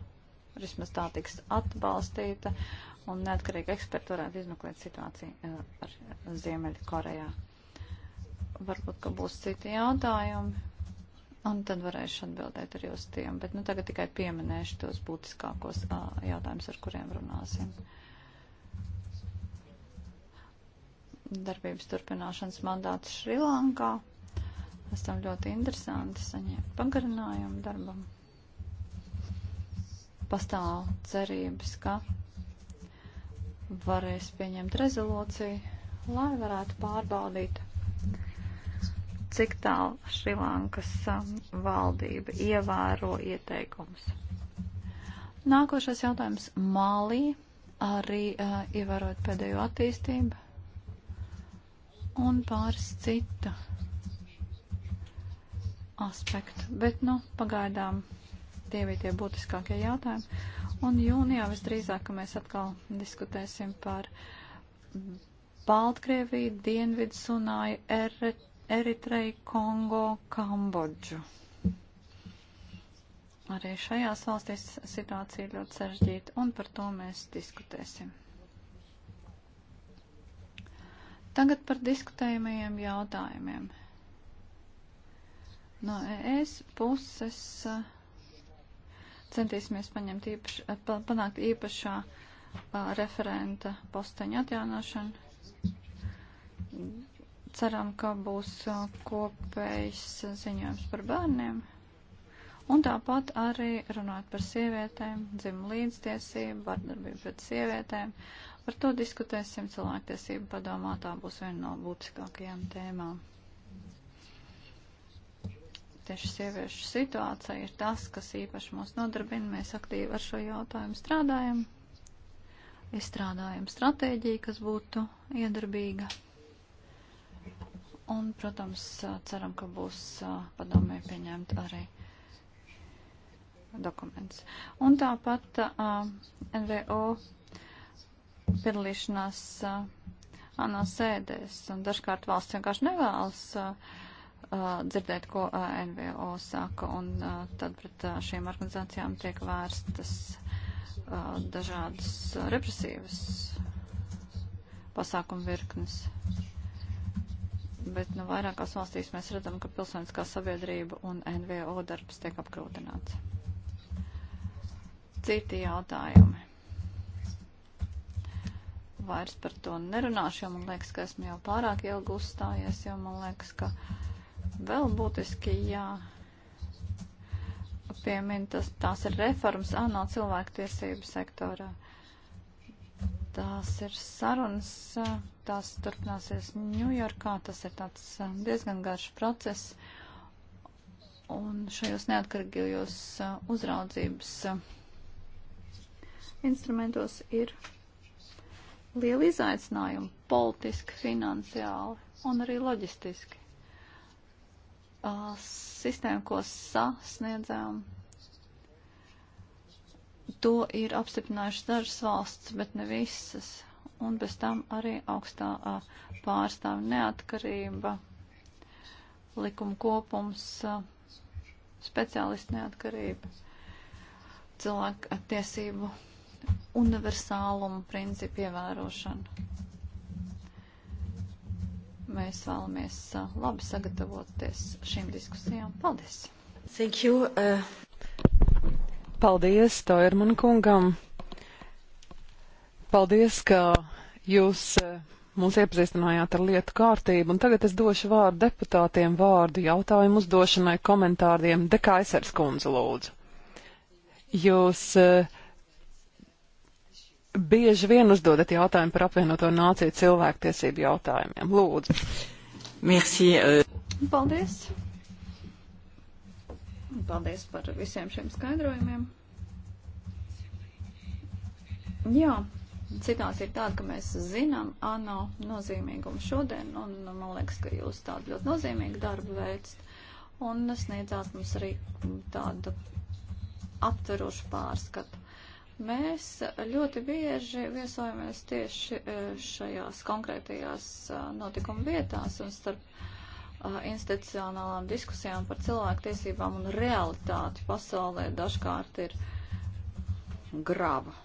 vismaz tā tiks atbalstīta, un neatkarīgi eksperti varētu izmeklēt situāciju eh, ar Ziemeļkorejā. Varbūt, ka būs citi jautājumi, un tad varēšu atbildēt arī uz tiem. Bet nu, tagad tikai pieminēšu tos būtiskākos jautājumus, ar kuriem runāsim. Darbības turpināšanas mandāts Šrilankā. Esam ļoti interesanti saņēmu pagarinājumu darbam pastāv cerības, ka varēs pieņemt rezolūciju, lai varētu pārbaudīt, cik tālu Šrilankas um, valdība ievēro ieteikumus. Nākošais jautājums - Malī, arī uh, ievērot pēdējo attīstību un pāris cita aspektu, bet, nu, pagaidām tie bija tie būtiskākie jautājumi. Un jūnijā visdrīzāk, ka mēs atkal diskutēsim par Baltkrieviju, Dienvidu Sunāju, er Eritreju, Kongo, Kambodžu. Arī šajās valstīs situācija ir ļoti sarežģīta, un par to mēs diskutēsim. Tagad par diskutējumajiem jautājumiem. No ES puses. Uh, centīsimies paņemt īpaš, eh, panākt īpašā uh, referenta posteņa atjaunošanu. Ceram, ka būs uh, kopējs ziņojums par bērniem. Un tāpat arī runāt par sievietēm, dzimu līdztiesību, vardarbību pret sievietēm. Par to diskutēsim cilvēktiesību padomā, tā būs viena no būtiskākajām tēmām tieši sieviešu situācija ir tas, kas īpaši mūs nodarbina. Mēs aktīvi ar šo jautājumu strādājam, izstrādājam stratēģiju, kas būtu iedarbīga. Un, protams, ceram, ka būs padomē pieņemt arī dokuments. Un tāpat uh, NVO piedalīšanās uh, ANO sēdēs, un dažkārt valsts vienkārši nevēlas. Uh, dzirdēt, ko NVO saka, un tad pret šīm organizācijām tiek vērstas dažādas represīvas pasākumu virknes. Bet nu, vairākās valstīs mēs redzam, ka pilsoniskā sabiedrība un NVO darbs tiek apgrūtināts. Citi jautājumi vairs par to nerunāšu, jo man liekas, ka esmu jau pārāk ilgi uzstājies, jo man liekas, ka Vēl būtiski jāpiemina, tas, tās ir reformas ANO cilvēktiesību sektorā. Tās ir sarunas, tās turpināsies Ņujorkā, tas ir tāds eh, diezgan garš process. Un šajos neatkarīgajos eh, uzraudzības eh, instrumentos ir liela izaicinājuma politiski, finansiāli un arī loģistiski uh, sistēmu, ko sasniedzām, to ir apstiprinājušas dažas valsts, bet ne visas. Un bez tam arī augstā uh, pārstāvja neatkarība, likuma kopums, uh, speciālistu neatkarība, cilvēku tiesību universālumu principu ievērošana. Mēs vēlamies uh, labi sagatavoties šīm diskusijām. Paldies! Thank you. Uh... Paldies, Toirman kungam! Paldies, ka jūs uh, mūs iepazīstinājāt ar lietu kārtību, un tagad es došu vārdu deputātiem vārdu jautājumu uzdošanai komentāriem. Dekaisers kundze lūdzu. Jūs uh, bieži vien uzdodat jautājumu par apvienoto nāciju cilvēktiesību jautājumiem. Lūdzu. Merci. Uh... Paldies. Paldies par visiem šiem skaidrojumiem. Jā, citās ir tāda, ka mēs zinām ANO nozīmīgumu šodien, un man liekas, ka jūs tādu ļoti nozīmīgu darbu veicat, un sniedzāt mums arī tādu aptverošu pārskatu Mēs ļoti bieži viesojamies tieši e, šajās konkrētajās e, notikuma vietās un starp e, institucionālām diskusijām par cilvēktiesībām un realitāti pasaulē dažkārt ir grava.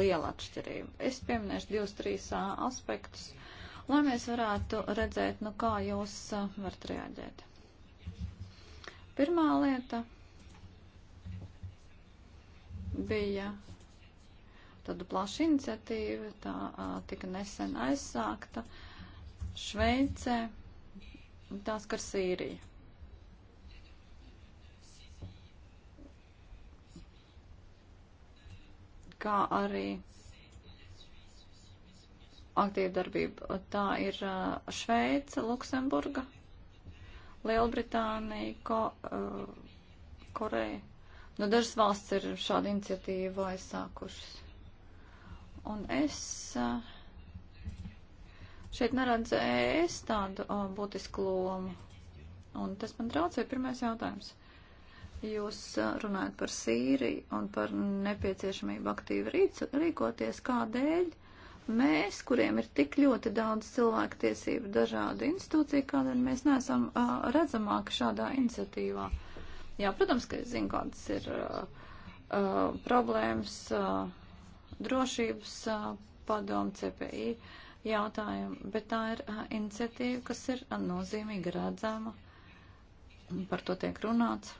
Liela atšķirība. Es pieminēšu divus, trīs aspektus, lai mēs varētu redzēt, nu kā jūs varat reaģēt. Pirmā lieta bija tāda plaša iniciatīva, tā tika nesen aizsākta Šveicē, tās kā Sīrija. Kā arī aktīva darbība. Tā ir Šveica, Luksemburga, Lielbritānija, Ko, uh, Koreja. Nu, dažas valsts ir šādu iniciatīvu aizsākušas. Un es šeit neredzu es tādu o, būtisku lomu. Un tas man traucē pirmais jautājums. Jūs runājat par Sīriju un par nepieciešamību aktīvi rīcu, rīkoties, kādēļ mēs, kuriem ir tik ļoti daudz cilvēku tiesību dažādu institūciju, kādēļ mēs neesam uh, redzamāki šādā iniciatīvā. Jā, protams, ka es zinu, kādas ir uh, problēmas uh, drošības uh, padomu CPI jautājumu, bet tā ir uh, iniciatīva, kas ir uh, nozīmīga redzama, par to tiek runāts.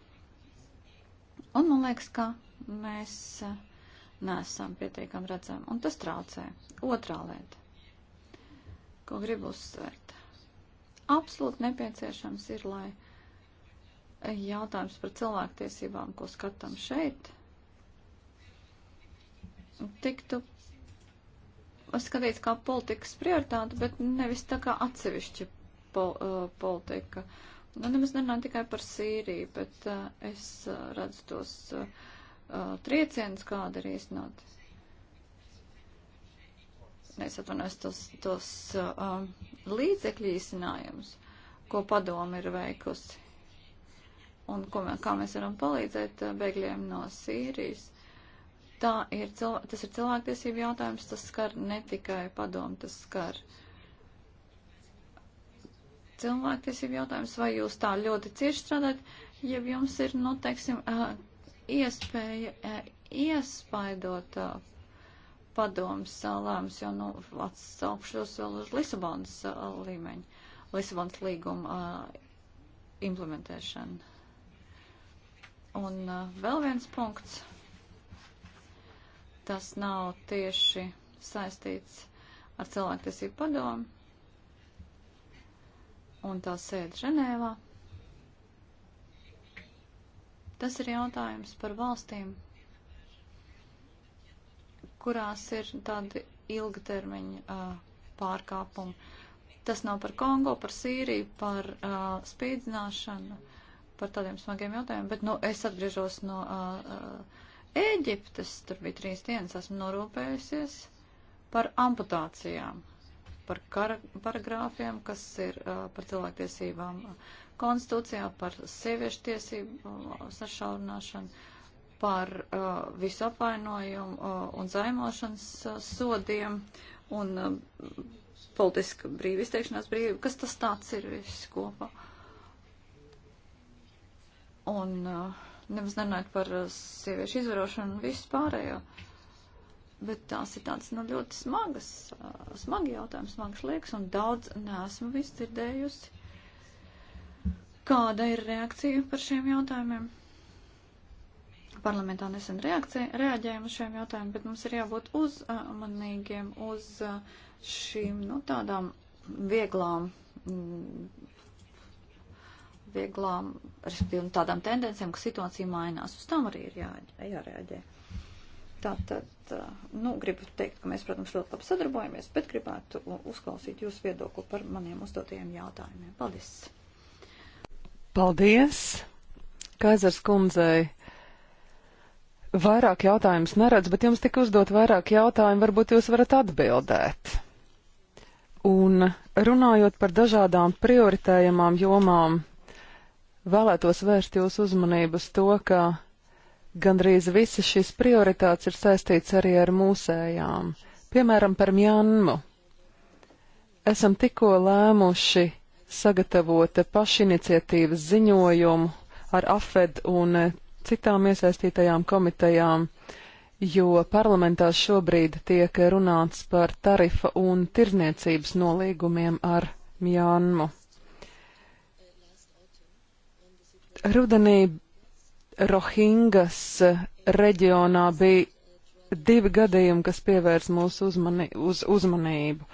Un man liekas, ka mēs uh, neesam pietiekami redzami, un tas traucē. Otrā lieta, ko gribu uzsvērt. Absolūti nepieciešams ir, lai. Uh, jautājums par cilvēktiesībām, ko skatām šeit, tiktu skatīts kā politikas prioritāte, bet nevis tā kā atsevišķa pol, uh, politika. Nu, nemaz nerunāju tikai par Sīriju, bet uh, es uh, redzu tos uh, uh triecienus, kāda ir iznāta. Es atvainojos tos, tos uh, uh līdzekļu īsinājumus, ko padomi ir veikusi un ko, kā mēs varam palīdzēt eh, bēgļiem no Sīrijas. Tā ir, tas ir cilvēktiesību jautājums, tas skar ne tikai padomu, tas skar cilvēktiesību jautājums, vai jūs tā ļoti cieši strādājat, ja jums ir, nu, teiksim, eh, iespēja eh, iespaidot padomas lēmums, jo, nu, atsaukšos vēl uz Lisabonas līmeņu, Lisabonas līguma implementēšanu. Un vēl viens punkts. Tas nav tieši saistīts ar cilvēktiesību padomu un tā sēde Ženēvā. Tas ir jautājums par valstīm, kurās ir tādi ilgtermiņa uh, pārkāpumi. Tas nav par Kongo, par Sīriju, par uh, spīdzināšanu. Uh, par tādiem smagiem jautājumiem, bet, nu, es atgriežos no Ēģiptes, tur bija trīs dienas, esmu norūpējusies par amputācijām, par kara, paragrāfiem, kas ir uh, par cilvēktiesībām konstitūcijā, par sieviešu tiesību uh, sašaurināšanu, par uh, visu apvainojumu uh, un zaimošanas uh, sodiem un uh, politiska brīva izteikšanās brīva. Kas tas tāds ir viss kopā? Uh, Un uh, nemaz nerunājot par uh, sieviešu izvarošanu un visu pārējo. Bet tās ir tādas nu, ļoti smagas, uh, smagi jautājumi, smagas liekas, un daudz nesmu izdzirdējusi. Kāda ir reakcija par šiem jautājumiem? Parlamentā nesen reakcija, reaģējam uz šiem jautājumiem, bet mums ir jābūt uzmanīgiem uz uh, uh, šīm, nu, tādām vieglām mm, vieglām, respektīvi tādām tendencēm, ka situācija mainās. Uz tam arī ir jā, jārēģē. Tātad, eh, nu, gribu teikt, ka mēs, protams, ļoti labi sadarbojamies, bet gribētu uzklausīt jūsu viedokli par maniem uzdotajiem jautājumiem. Paldies! Paldies! Kaisers kundzei! Vairāk jautājumus neredz, bet jums tika uzdot vairāk jautājumu, varbūt jūs varat atbildēt. Un runājot par dažādām prioritējamām jomām, Vēlētos vērst jūsu uzmanību uz to, ka gandrīz visas šīs prioritātes ir saistīts arī ar mūsējām, piemēram, par Mjanmu. Esam tikko lēmuši sagatavot pašiniciatīvas ziņojumu ar AFED un citām iesaistītajām komitejām, jo parlamentā šobrīd tiek runāts par tarifa un tirzniecības nolīgumiem ar Mjanmu. Rudenī Rohingas reģionā bija divi gadījumi, kas pievērs mūsu uzmani, uz, uzmanību.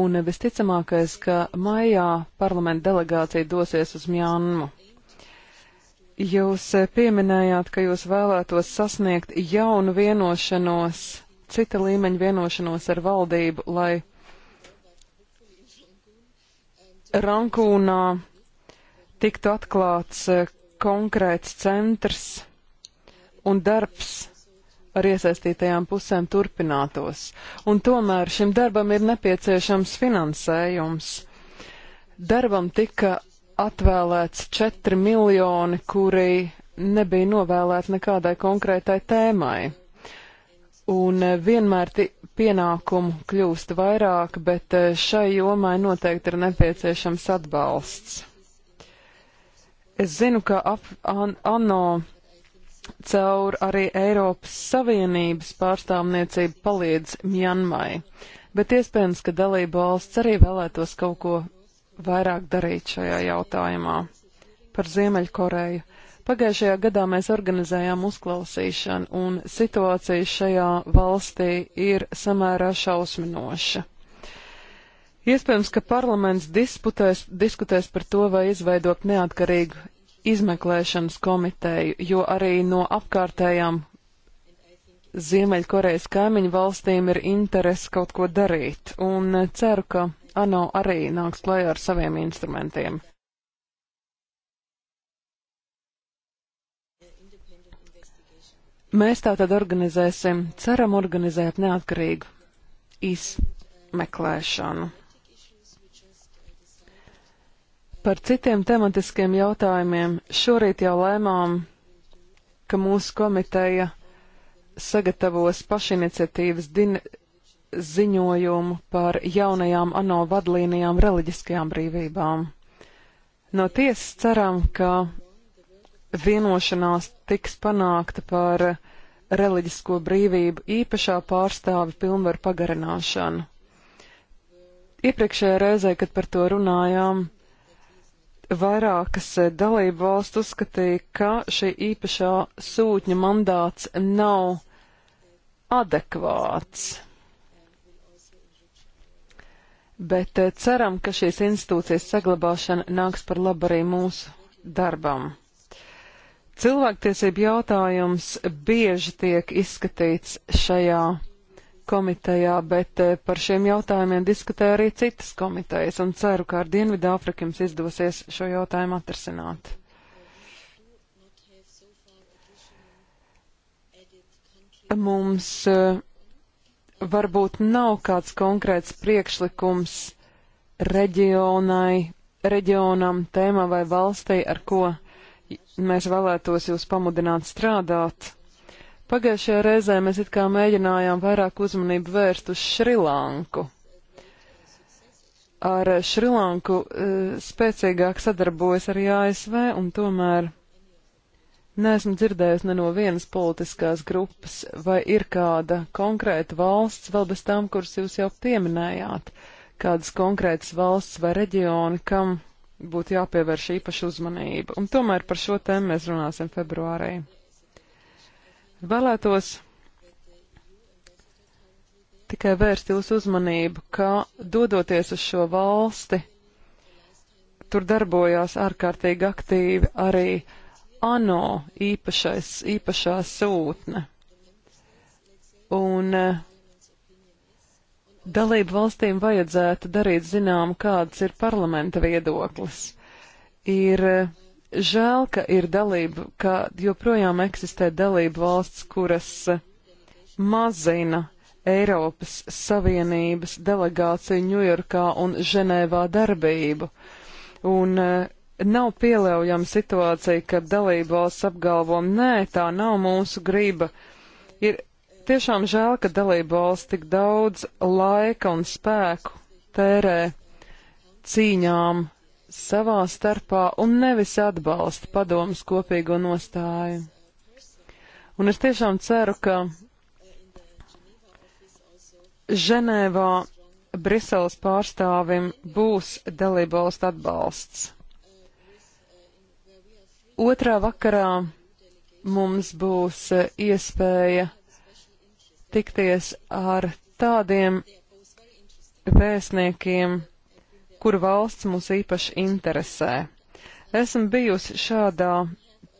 Un visticamākais, ka maijā parlamenta delegācija dosies uz Mjanmu. Jūs pieminējāt, ka jūs vēlētos sasniegt jaunu vienošanos, cita līmeņa vienošanos ar valdību, lai Rankūnā tiktu atklāts konkrēts centrs un darbs ar iesaistītajām pusēm turpinātos. Un tomēr šim darbam ir nepieciešams finansējums. Darbam tika atvēlēts 4 miljoni, kuri nebija novēlēti nekādai konkrētai tēmai. Un eh, vienmēr pienākumu kļūst vairāk, bet eh, šai jomai noteikti ir nepieciešams atbalsts. Es zinu, ka ap, an, ANO caur arī Eiropas Savienības pārstāvniecību palīdz Mjanmai, bet iespējams, ka dalība valsts arī vēlētos kaut ko vairāk darīt šajā jautājumā par Ziemeļkoreju. Pagājušajā gadā mēs organizējām uzklausīšanu, un situācija šajā valstī ir samērā šausminoša. Iespējams, ka parlaments disputēs, diskutēs par to, vai izveidot neatkarīgu izmeklēšanas komiteju, jo arī no apkārtējām Ziemeļkorejas kaimiņu valstīm ir interese kaut ko darīt, un ceru, ka ANO arī nāks klajā ar saviem instrumentiem. Mēs tātad organizēsim, ceram organizēt neatkarīgu izmeklēšanu. Par citiem tematiskiem jautājumiem šorīt jau lēmām, ka mūsu komiteja sagatavos pašiniciatīvas din ziņojumu par jaunajām ANO vadlīnijām reliģiskajām brīvībām. No tiesas ceram, ka vienošanās tiks panākta par reliģisko brīvību īpašā pārstāvi pilnvaru pagarināšanu. Iepriekšējā reizē, kad par to runājām, vairākas eh, dalību valsts uzskatīja, ka šī īpašā sūtņa mandāts nav adekvāts. Bet eh, ceram, ka šīs institūcijas saglabāšana nāks par labu arī mūsu darbam. Cilvēktiesību jautājums bieži tiek izskatīts šajā komitejā, bet eh, par šiem jautājumiem diskutē arī citas komitejas un ceru, ka ar Dienvidu Āfriku jums izdosies šo jautājumu atrasināt. Mums eh, varbūt nav kāds konkrēts priekšlikums reģionai, reģionam, tēmā vai valstī, ar ko mēs vēlētos jūs pamudināt strādāt Pagājušajā reizē mēs it kā mēģinājām vairāk uzmanību vērst uz Šrilanku. Ar Šrilanku e, spēcīgāk sadarbojas arī ASV, un tomēr neesmu dzirdējusi ne no vienas politiskās grupas, vai ir kāda konkrēta valsts, vēl bez tām, kuras jūs jau pieminējāt, kādas konkrētas valsts vai reģioni, kam būtu jāpievērš īpaša uzmanība. Un tomēr par šo tēmu mēs runāsim februārī. Vēlētos tikai vērst jūsu uzmanību, ka dodoties uz šo valsti, tur darbojās ārkārtīgi aktīvi arī ANO īpašais, īpašā sūtne. Un eh, dalību valstīm vajadzētu darīt zinām, kāds ir parlamenta viedoklis. Ir uh, Žēl, ka ir dalība, ka joprojām eksistē dalība valsts, kuras mazina Eiropas Savienības delegāciju Ņujorkā un Ženēvā darbību. Un eh, nav pieļaujama situācija, ka dalība valsts apgalvo, nē, tā nav mūsu grība. Ir tiešām žēl, ka dalība valsts tik daudz laika un spēku tērē cīņām savā starpā un nevis atbalsta padomas kopīgo nostāju. Un es tiešām ceru, ka Ženēvā Briseles pārstāvim būs dalībvalstu atbalsts. Otrā vakarā mums būs iespēja tikties ar tādiem vēstniekiem, kuru valsts mūs īpaši interesē. Esmu bijusi šādā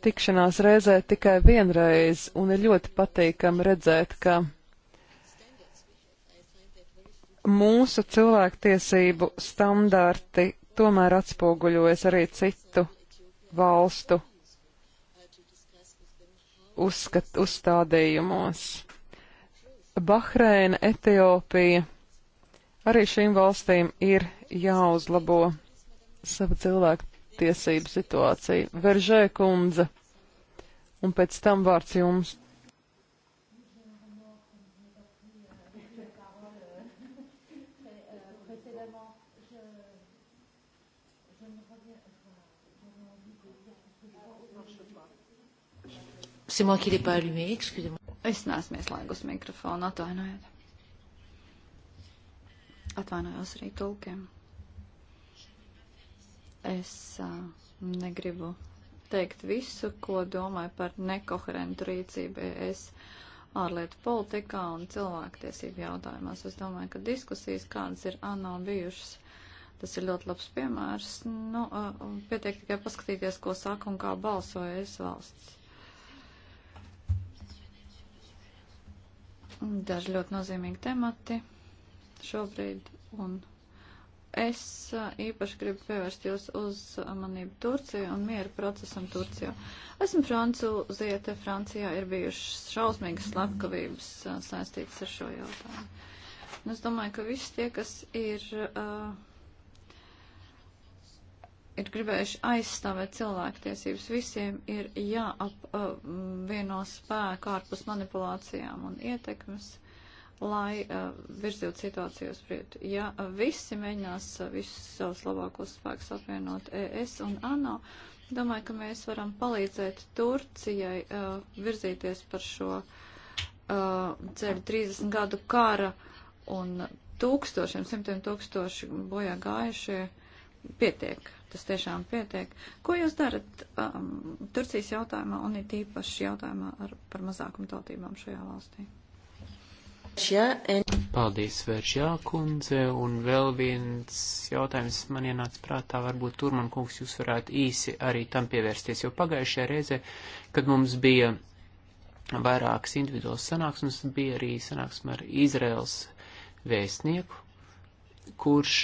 tikšanās reizē tikai vienreiz, un ir ļoti patīkami redzēt, ka mūsu cilvēktiesību standarti tomēr atspoguļojas arī citu valstu uzskat, uzstādījumos. Bahreina, Etiopija, Arī šīm valstīm ir jāuzlabo sava cilvēku tiesību situācija. Veržē kundze, un pēc tam vārds jums. Es neesmu ieslēgus mikrofonu, atvainojiet. Atvainojos arī tulkiem. Es uh, negribu teikt visu, ko domāju par nekoherentu rīcību ES ārlietu politikā un cilvēktiesību jautājumās. Es domāju, ka diskusijas, kādas ir ANO bijušas, tas ir ļoti labs piemērs. Nu, uh, pietiek tikai paskatīties, ko saka un kā balsoja ES valsts. Daži ļoti nozīmīgi temati šobrīd. Un es uh, īpaši gribu pievērst jūs uzmanību Turciju un mieru procesam Turcijā. Esmu francūziete, Francijā ir bijušas šausmīgas slepkavības uh, saistītas ar šo jautājumu. Un es domāju, ka visi tie, kas ir. Uh, ir gribējuši aizstāvēt cilvēktiesības, visiem ir jāapvieno uh, spēku ārpus manipulācijām un ietekmes lai uh, virzītu situāciju uz priekšu. Ja eh, visi mēģinās eh, visus savus labākos spēkus apvienot ES un ANO, domāju, ka mēs varam palīdzēt Turcijai uh, virzīties par šo uh, ceļu 30 gadu kara un tūkstošiem, simtiem tūkstoši bojā gājušie. Pietiek, tas tiešām pietiek. Ko jūs darat um, Turcijas jautājumā un ir tīpaši jautājumā ar, par mazākumtautībām šajā valstī? Paldies, Veržā kundze, un vēl viens jautājums man ienāca prātā, varbūt tur man kungs jūs varētu īsi arī tam pievērsties, jo pagājušajā reizē, kad mums bija vairākas individuālas sanāksmes, bija arī sanāksme ar Izraels vēstnieku, kurš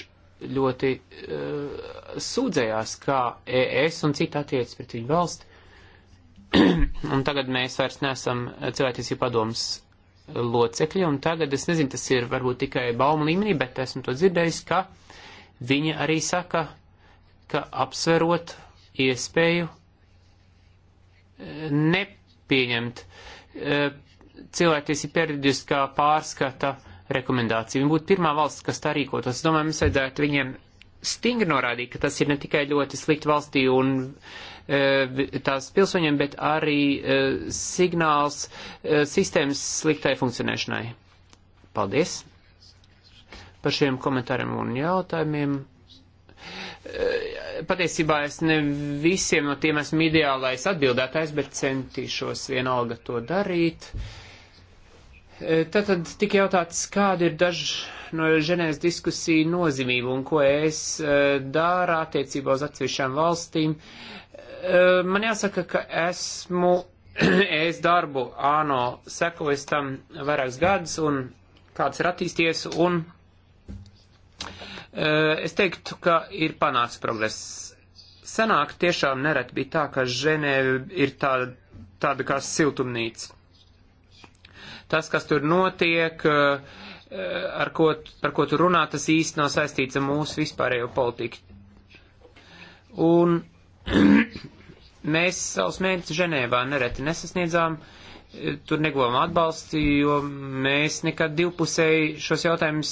ļoti uh, sūdzējās, kā ES un cita attiecas pret viņu valsti. un tagad mēs vairs nesam eh, cilvēktiesību padomus locekļi, un tagad es nezinu, tas ir varbūt tikai baumu līmenī, bet esmu to dzirdējis, ka viņa arī saka, ka apsverot iespēju eh, nepieņemt eh, cilvēktiesību periodiskā pārskata rekomendāciju. Viņa būtu pirmā valsts, kas tā rīkotos. Es domāju, mums vajadzētu viņiem stingri norādīt, ka tas ir ne tikai ļoti slikti valstī un uh, E, tās pilsoņiem, bet arī e, signāls e, sistēmas sliktai funkcionēšanai. Paldies par šiem komentāriem un jautājumiem. Patiesībā es ne visiem no tiem esmu ideālais atbildētājs, bet centīšos vienalga to darīt. Tātad tika jautāts, kāda ir daži no Ženēvas diskusiju nozīmība un ko es dāru attiecībā uz atsevišķām valstīm. Uh, man jāsaka, ka esmu es darbu āno sekulistam vairākus gadus un kāds ir attīsties un es teiktu, ka ir panāks progress. Senāk tiešām neret bija tā, ka Ženēva ir tāda, tāda kā siltumnīca. Tas, kas tur notiek, ar ko, par ko tur runā, tas īsti nav saistīts ar mūsu vispārējo politiku. Un Mēs savus mērķus Ženēvā nereti nesasniedzām, tur neguvām atbalstu, jo mēs nekad divpusēji šos jautājumus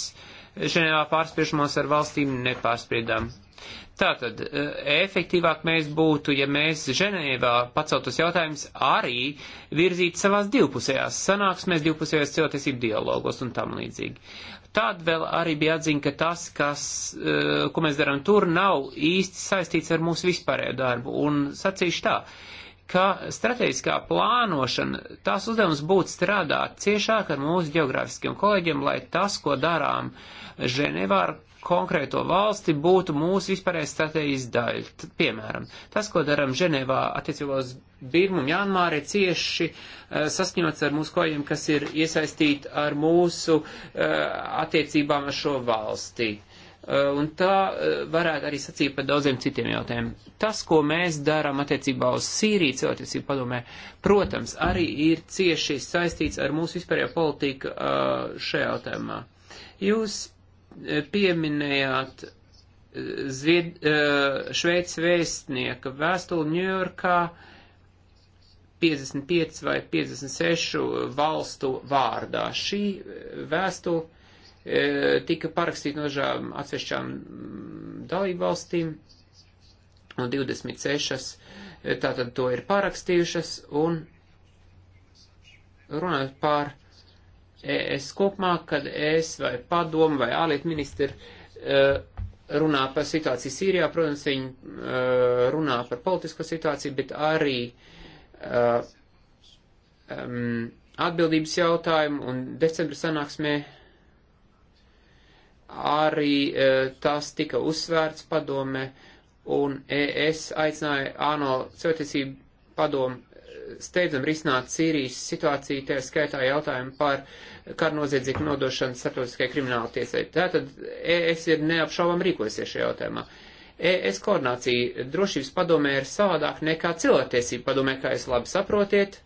Ženēvā pārspriešamos ar valstīm nepārspriedām. Tātad, e, efektīvāk mēs būtu, ja mēs Ženēvā paceltos jautājumus arī virzīt savās divpusējās sanāksmēs, divpusējās cilvēktiesību dialogos un tam līdzīgi. Tad vēl arī bija atziņa, ka tas, kas, e, ko mēs darām tur, nav īsti saistīts ar mūsu vispārējo darbu. Un sacīšu tā, ka strateģiskā plānošana, tās uzdevums būtu strādāt ciešāk ar mūsu geogrāfiskiem kolēģiem, lai tas, ko darām Ženevā, konkrēto valsti būtu mūsu vispārējais stratēģijas daļa. Piemēram, tas, ko daram Ženēvā attiecībā uz Birmu un Jānmāri, cieši uh, saskaņots ar mūsu kojiem, kas ir iesaistīti ar mūsu uh, attiecībām ar šo valsti. Uh, un tā varētu arī sacīt par daudziem citiem jautājumiem. Tas, ko mēs darām attiecībā uz Sīriju cilvēktiesību padomē, protams, arī ir cieši saistīts ar mūsu vispārējo politiku šajā jautājumā. Jūs pieminējāt eh, Zvied, eh, Šveic vēstnieka vēstuli Ņujorkā 55 vai 56 valstu vārdā. Šī eh, vēstule tika parakstīta no žām atsevišķām mm, dalību valstīm, no 26 tātad to ir parakstījušas, un runājot par es kopumā, kad es vai padomu vai ārlietu ministri eh, runā par situāciju Sīrijā, protams, viņi eh, runā par politisko situāciju, bet arī eh, atbildības jautājumu un decembra sanāksmē arī e, tas tika uzsvērts padome, un es aicināju ANO cilvēcību padomu steidzam risināt Sīrijas situāciju, tā skaitā jautājumu par karnoziedzīgu nodošanu starptautiskajai krimināla tiesai. Tātad ES ir neapšaubam rīkosies šajā jautājumā. ES koordinācija drošības padomē ir savādāk nekā cilvēktiesība padomē, kā jūs labi saprotiet.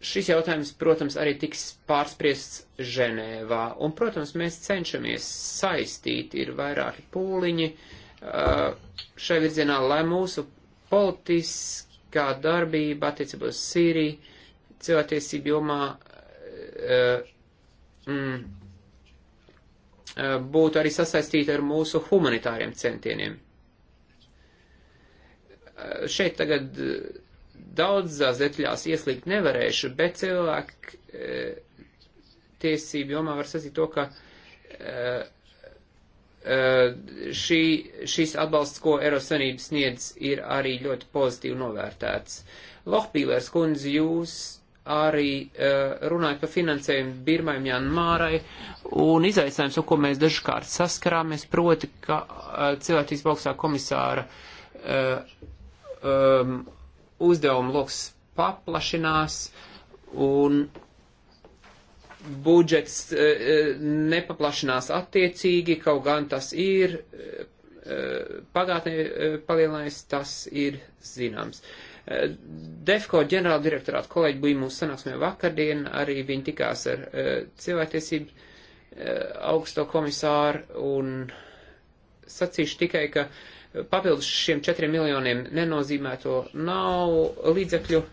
Šis jautājums, protams, arī tiks pārspriests Ženēvā, un, protams, mēs cenšamies saistīt, ir vairāki pūliņi uh, šai virzienā, lai mūsu politiski kā darbība attiecībā uz Sīriju, cilvēktiesību jomā uh, mm, eh, būtu arī sasaistīta ar mūsu humanitāriem centieniem. Šeit tagad daudzās detaļās ieslīgt nevarēšu, bet cilvēku tiesību jomā var sasīt to, ka Eh, šī, šis atbalsts, ko Eiropas Savienības sniedz, ir arī ļoti pozitīvi novērtēts. Lohpīlērs kundze, jūs arī uh, runājat par finansējumu Birmai un Janmārai, un izaicinājums, ar ko mēs dažkārt saskarāmies, proti, ka uh, eh, cilvēkties augstā komisāra uh, um, uzdevuma loks paplašinās, un uh, budžets eh, eh, nepaplašinās attiecīgi, kaut gan tas ir eh, pagātnē palielinājis, tas ir zināms. DEFCO ģenerāla direktorāta kolēģi bija mūsu sanāksmē vakardien, arī viņi tikās ar cilvēktiesību augsto komisāru un sacīšu tikai, ka papildus šiem 4 miljoniem nenozīmēto nav līdzekļu,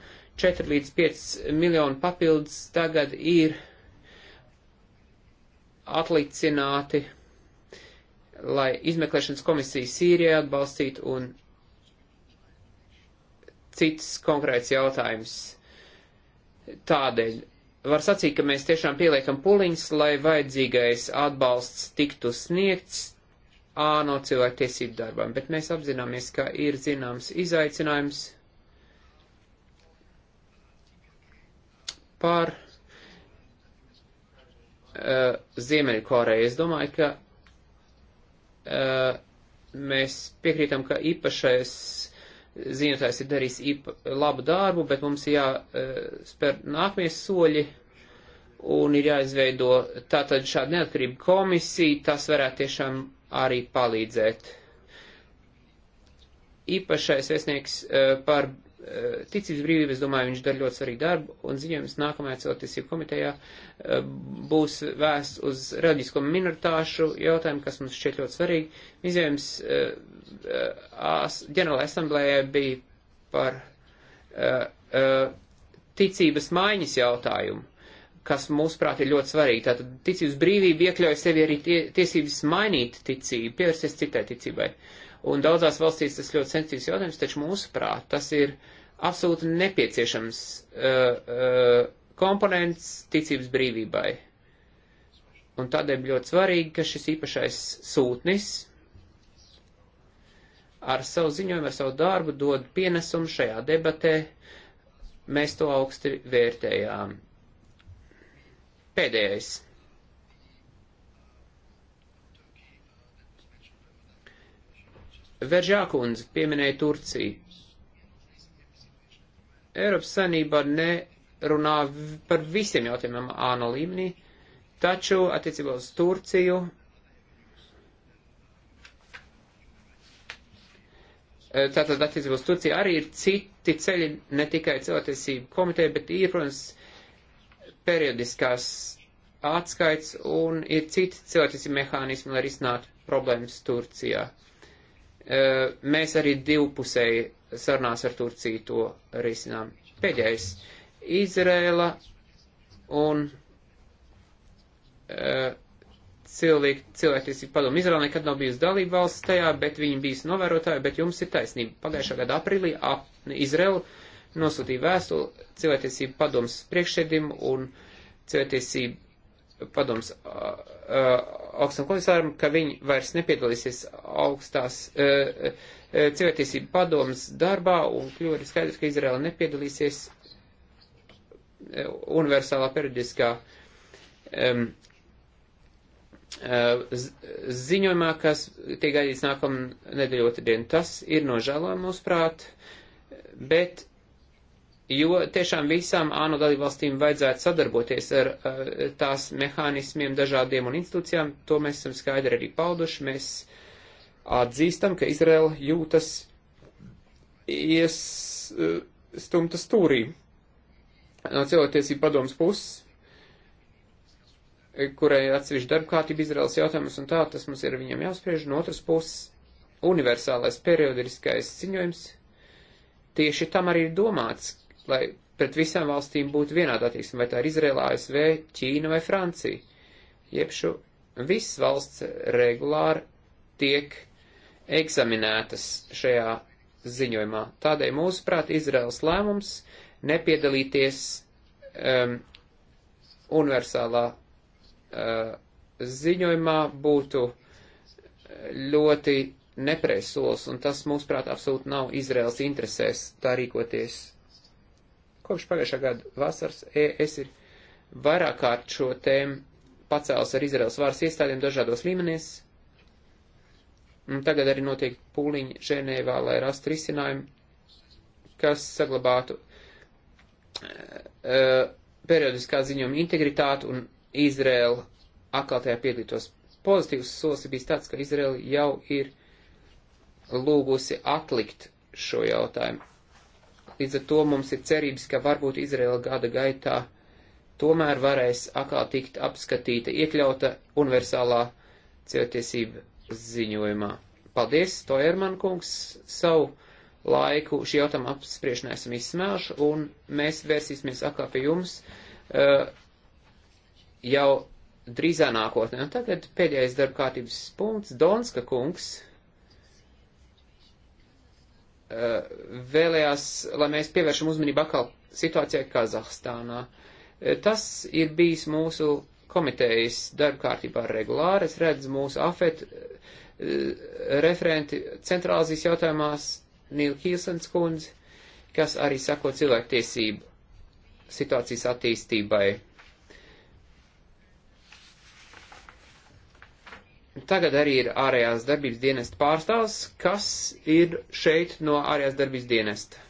4 līdz 5 miljonu papildus tagad ir atlicināti, lai izmeklēšanas komisija Sīrijā atbalstītu un cits konkrēts jautājums. Tādēļ var sacīt, ka mēs tiešām pieliekam puliņus, lai vajadzīgais atbalsts tiktu sniegts āno cilvēktiesību darbam, bet mēs apzināmies, ka ir zināms izaicinājums par uh, Ziemeļkoreja. Es domāju, ka uh, mēs piekrītam, ka īpašais ziņotājs ir darījis īpa, labu darbu, bet mums ir jāspēr eh, uh, nākamie soļi un ir jāizveido tātad šāda neatkarība komisija, tas varētu tiešām arī palīdzēt. Īpašais vēstnieks uh, par Eh, ticības brīvība, es domāju, viņš dara ļoti svarīgu darbu, un ziņojums nākamajā cilvēktiesību komitejā eh, būs vēsts uz reliģisko minoritāšu jautājumu, kas mums šķiet ļoti svarīgi. Ziņojums eh, ģenerāla asamblējā bija par ticības maiņas jautājumu kas mūsuprāt ir ļoti svarīgi. Tātad ticības brīvība iekļauj sevi arī tie, tiesības mainīt ticību, pievērsties citai ticībai. Uh, Un daudzās valstīs tas ļoti sensitīvs jautājums, taču mūsuprāt, tas ir absolūti nepieciešams uh, uh, komponents ticības brīvībai. Un tādēļ ļoti svarīgi, ka šis īpašais sūtnis ar savu ziņojumu, ar savu darbu dod pienesumu šajā debatē. Mēs to augsti vērtējām. Pēdējais. Veržākundze pieminēja Turciju. Eiropas Sanība nerunā par visiem jautājumiem āno līmenī, taču attiecībā uz Turciju e, Tātad attiecībā uz Turciju arī ir citi ceļi, ne tikai cilvēktiesību komiteja, bet ir, protams, periodiskās atskaits un ir citi cilvēktiesību mehānismi, lai risinātu problēmas Turcijā. Uh, Eh, mēs arī divpusēji sarunās ar Turciju to risinām. Pēdējais - Izrēla un eh, cilvēki, cilvēktiesību padomu. Izraela nekad nav bijusi dalība valsts tajā, bet viņi bijusi novērotāji, bet jums ir taisnība. Pagājušā gada aprīlī ap, Izraela nosūtīja vēstuli cilvēktiesību padomas priekšsēdim un cilvēktiesību padoms augstam komisāram, ka viņi vairs nepiedalīsies augstās e, e, cilvēktiesību padomas darbā un kļūda skaidrs, ka Izraela nepiedalīsies e, universālā periodiskā um, ziņojumā, kas tiek gaidīts nākamā nedēļa otrdien. Tas ir nožēlojami, mūsuprāt, bet jo tiešām visām ANO dalībvalstīm vajadzētu sadarboties ar eh, tās mehānismiem, dažādiem un institūcijām. To mēs esam skaidri arī pauduši. Mēs atzīstam, ka Izraela jūtas iestumta stūrī no cilvēktiesību padomas puses, kurai atsevišķi darbkārtība Izraels jautājumus un tā, tas mums ir viņam jāspriež. No otras puses, universālais periodiskais ziņojums tieši tam arī ir domāts, lai pret visām valstīm būtu vienāda attieksme, vai tā ir Izrēlā, ASV, Ķīna vai Francija. Iepšu visas valsts regulāri tiek eksaminētas šajā ziņojumā. Tādēļ mūsuprāt Izraels lēmums nepiedalīties um, universālā uh, ziņojumā būtu ļoti nepreiz solis, un tas, mūsuprāt, absolūti nav Izraels interesēs tā rīkoties. Kopš pagājušā gada vasaras ES ir vairāk kārt šo tēmu pacēlis ar Izraels varas iestādēm dažādos līmenīs. Un tagad arī notiek pūliņi Ženēvā, lai rastu risinājumu, kas saglabātu uh, periodiskā ziņojuma integritāti un Izraela atkal tajā piedalītos. Pozitīvs solis ir bijis tāds, ka Izraela jau ir lūgusi atlikt šo jautājumu. Līdz ar to mums ir cerības, ka varbūt Izraela gada gaitā tomēr varēs atkal tikt apskatīta, iekļauta universālā cilvēktiesība ziņojumā. Paldies, Tojerman kungs, savu laiku šī jautājuma apspriešanai esam izsmēluši, un mēs vērsīsimies atkal pie jums uh, jau drīzā nākotnē. Un tagad pēdējais darba kārtības punkts, Donska kungs. Eh, vēlējās, lai mēs pievēršam uzmanību atkal situācijai Kazahstānā. Eh, tas ir bijis mūsu komitejas darba kārtībā regulāri. Es redzu mūsu afet eh, referenti centrālazijas jautājumās Nīla Kīlsens kundzi, kas arī sako cilvēktiesību situācijas attīstībai. Tagad arī ir ārējās darbības dienesta pārstāvs, kas ir šeit no ārējās darbības dienesta.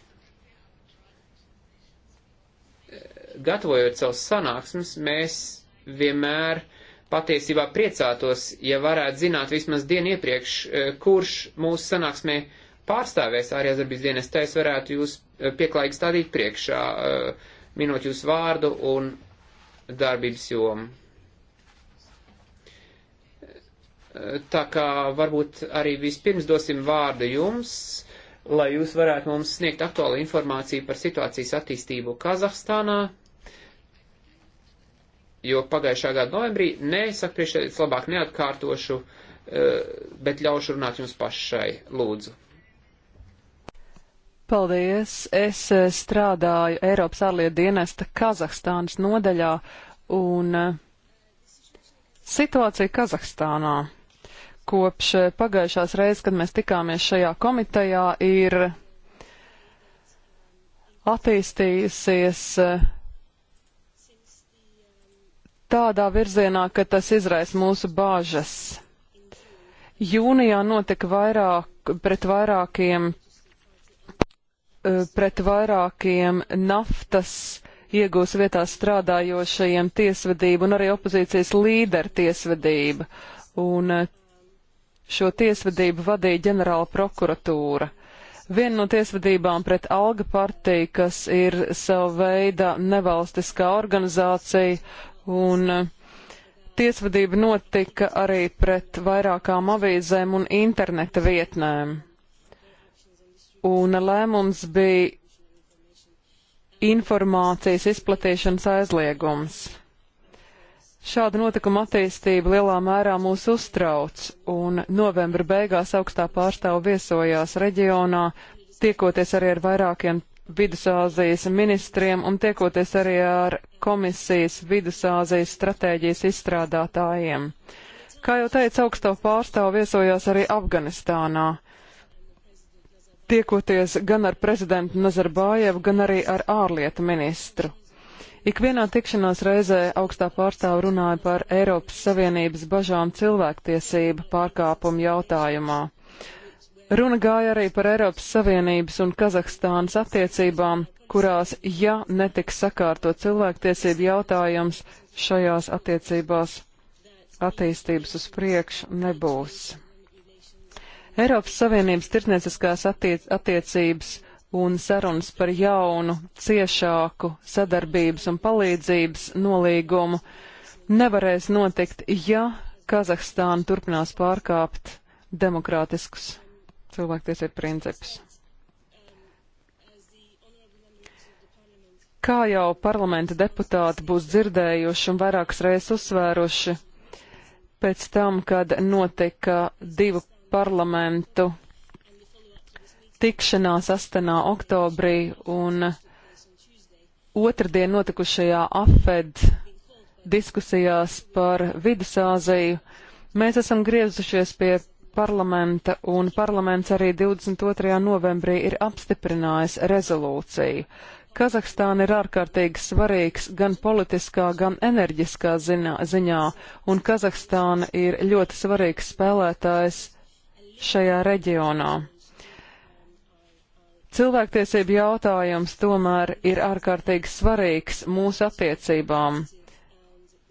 Gatavojot savus sanāksmes, mēs vienmēr patiesībā priecātos, ja varētu zināt vismaz dienu iepriekš, eh, kurš mūsu sanāksmē pārstāvēs ārējās darbības dienesta, es varētu jūs eh, pieklājīgi stādīt priekšā, eh, minot jūsu vārdu un darbības jomu. Tā kā varbūt arī vispirms dosim vārdu jums, lai jūs varētu mums sniegt aktuālu informāciju par situācijas attīstību Kazahstānā. Jo pagājušā gada novembrī, nē, saka priekšsēdētājs, labāk neatkārtošu, eh, bet ļaušu runāt jums pašai, lūdzu. Paldies! Es eh, strādāju Eiropas ārlietu dienesta Kazahstānas nodaļā un eh, situācija Kazahstānā kopš eh, pagājušās reizes, kad mēs tikāmies šajā komitejā, ir attīstījusies eh, tādā virzienā, ka tas izraisa mūsu bāžas. Jūnijā notika vairāk pret vairākiem, eh, pret vairākiem naftas iegūs vietās strādājošajiem tiesvedību un arī opozīcijas līderu tiesvedību. Un Šo tiesvedību vadīja ģenerāla prokuratūra. Viena no tiesvedībām pret Alga partiju, kas ir sava veida nevalstiskā organizācija, un e, tiesvedība notika arī pret vairākām avīzēm un interneta vietnēm. Un lēmums bija informācijas izplatīšanas aizliegums. Šāda notikuma attīstība lielā mērā mūs uztrauc, un novembra beigās augstā pārstāva viesojās reģionā, tiekoties arī ar vairākiem Vidusāzijas ministriem un tiekoties arī ar komisijas Vidusāzijas stratēģijas izstrādātājiem. Kā jau teicu, augstā pārstāva viesojās arī Afganistānā, tiekoties gan ar prezidentu Nazarbājevu, gan arī ar ārlietu ministru. Ikvienā tikšanās reizē augstā pārstāva runāja par Eiropas Savienības bažām cilvēktiesību pārkāpumu jautājumā. Runa gāja arī par Eiropas Savienības un Kazahstānas attiecībām, kurās, ja netiks sakārto cilvēktiesību jautājums, šajās attiecībās attīstības uz priekšu nebūs. Eiropas Savienības tirdzniecības attiec attiecības un sarunas par jaunu, ciešāku sadarbības un palīdzības nolīgumu nevarēs notikt, ja Kazahstāna turpinās pārkāpt demokrātiskus cilvēktiesību principus. Kā jau parlamenta deputāti būs dzirdējuši un vairākas reizes uzsvēruši, pēc tam, kad notika divu parlamentu tikšanās Astanā oktobrī un otrdien notikušajā AFED diskusijās par Vidusāziju. Mēs esam griezušies pie parlamenta, un parlaments arī 22. novembrī ir apstiprinājis rezolūciju. Kazahstāna ir ārkārtīgi svarīgs gan politiskā, gan enerģiskā zinā, ziņā, un Kazahstāna ir ļoti svarīgs spēlētājs šajā reģionā. Cilvēktiesība jautājums tomēr ir ārkārtīgi svarīgs mūsu attiecībām,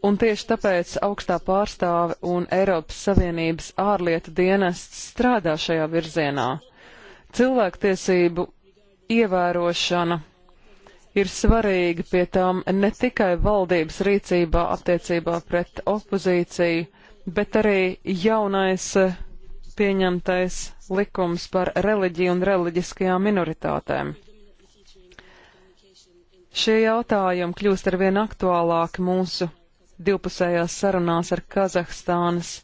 un tieši tāpēc augstā pārstāve un Eiropas Savienības ārlietu dienests strādā šajā virzienā. Cilvēktiesību ievērošana ir svarīga pie tām ne tikai valdības rīcībā attiecībā pret opozīciju, bet arī jaunais pieņemtais likums par reliģiju un reliģiskajām minoritātēm. Šie jautājumi kļūst arvien aktuālāki mūsu divpusējās sarunās ar Kazahstānas,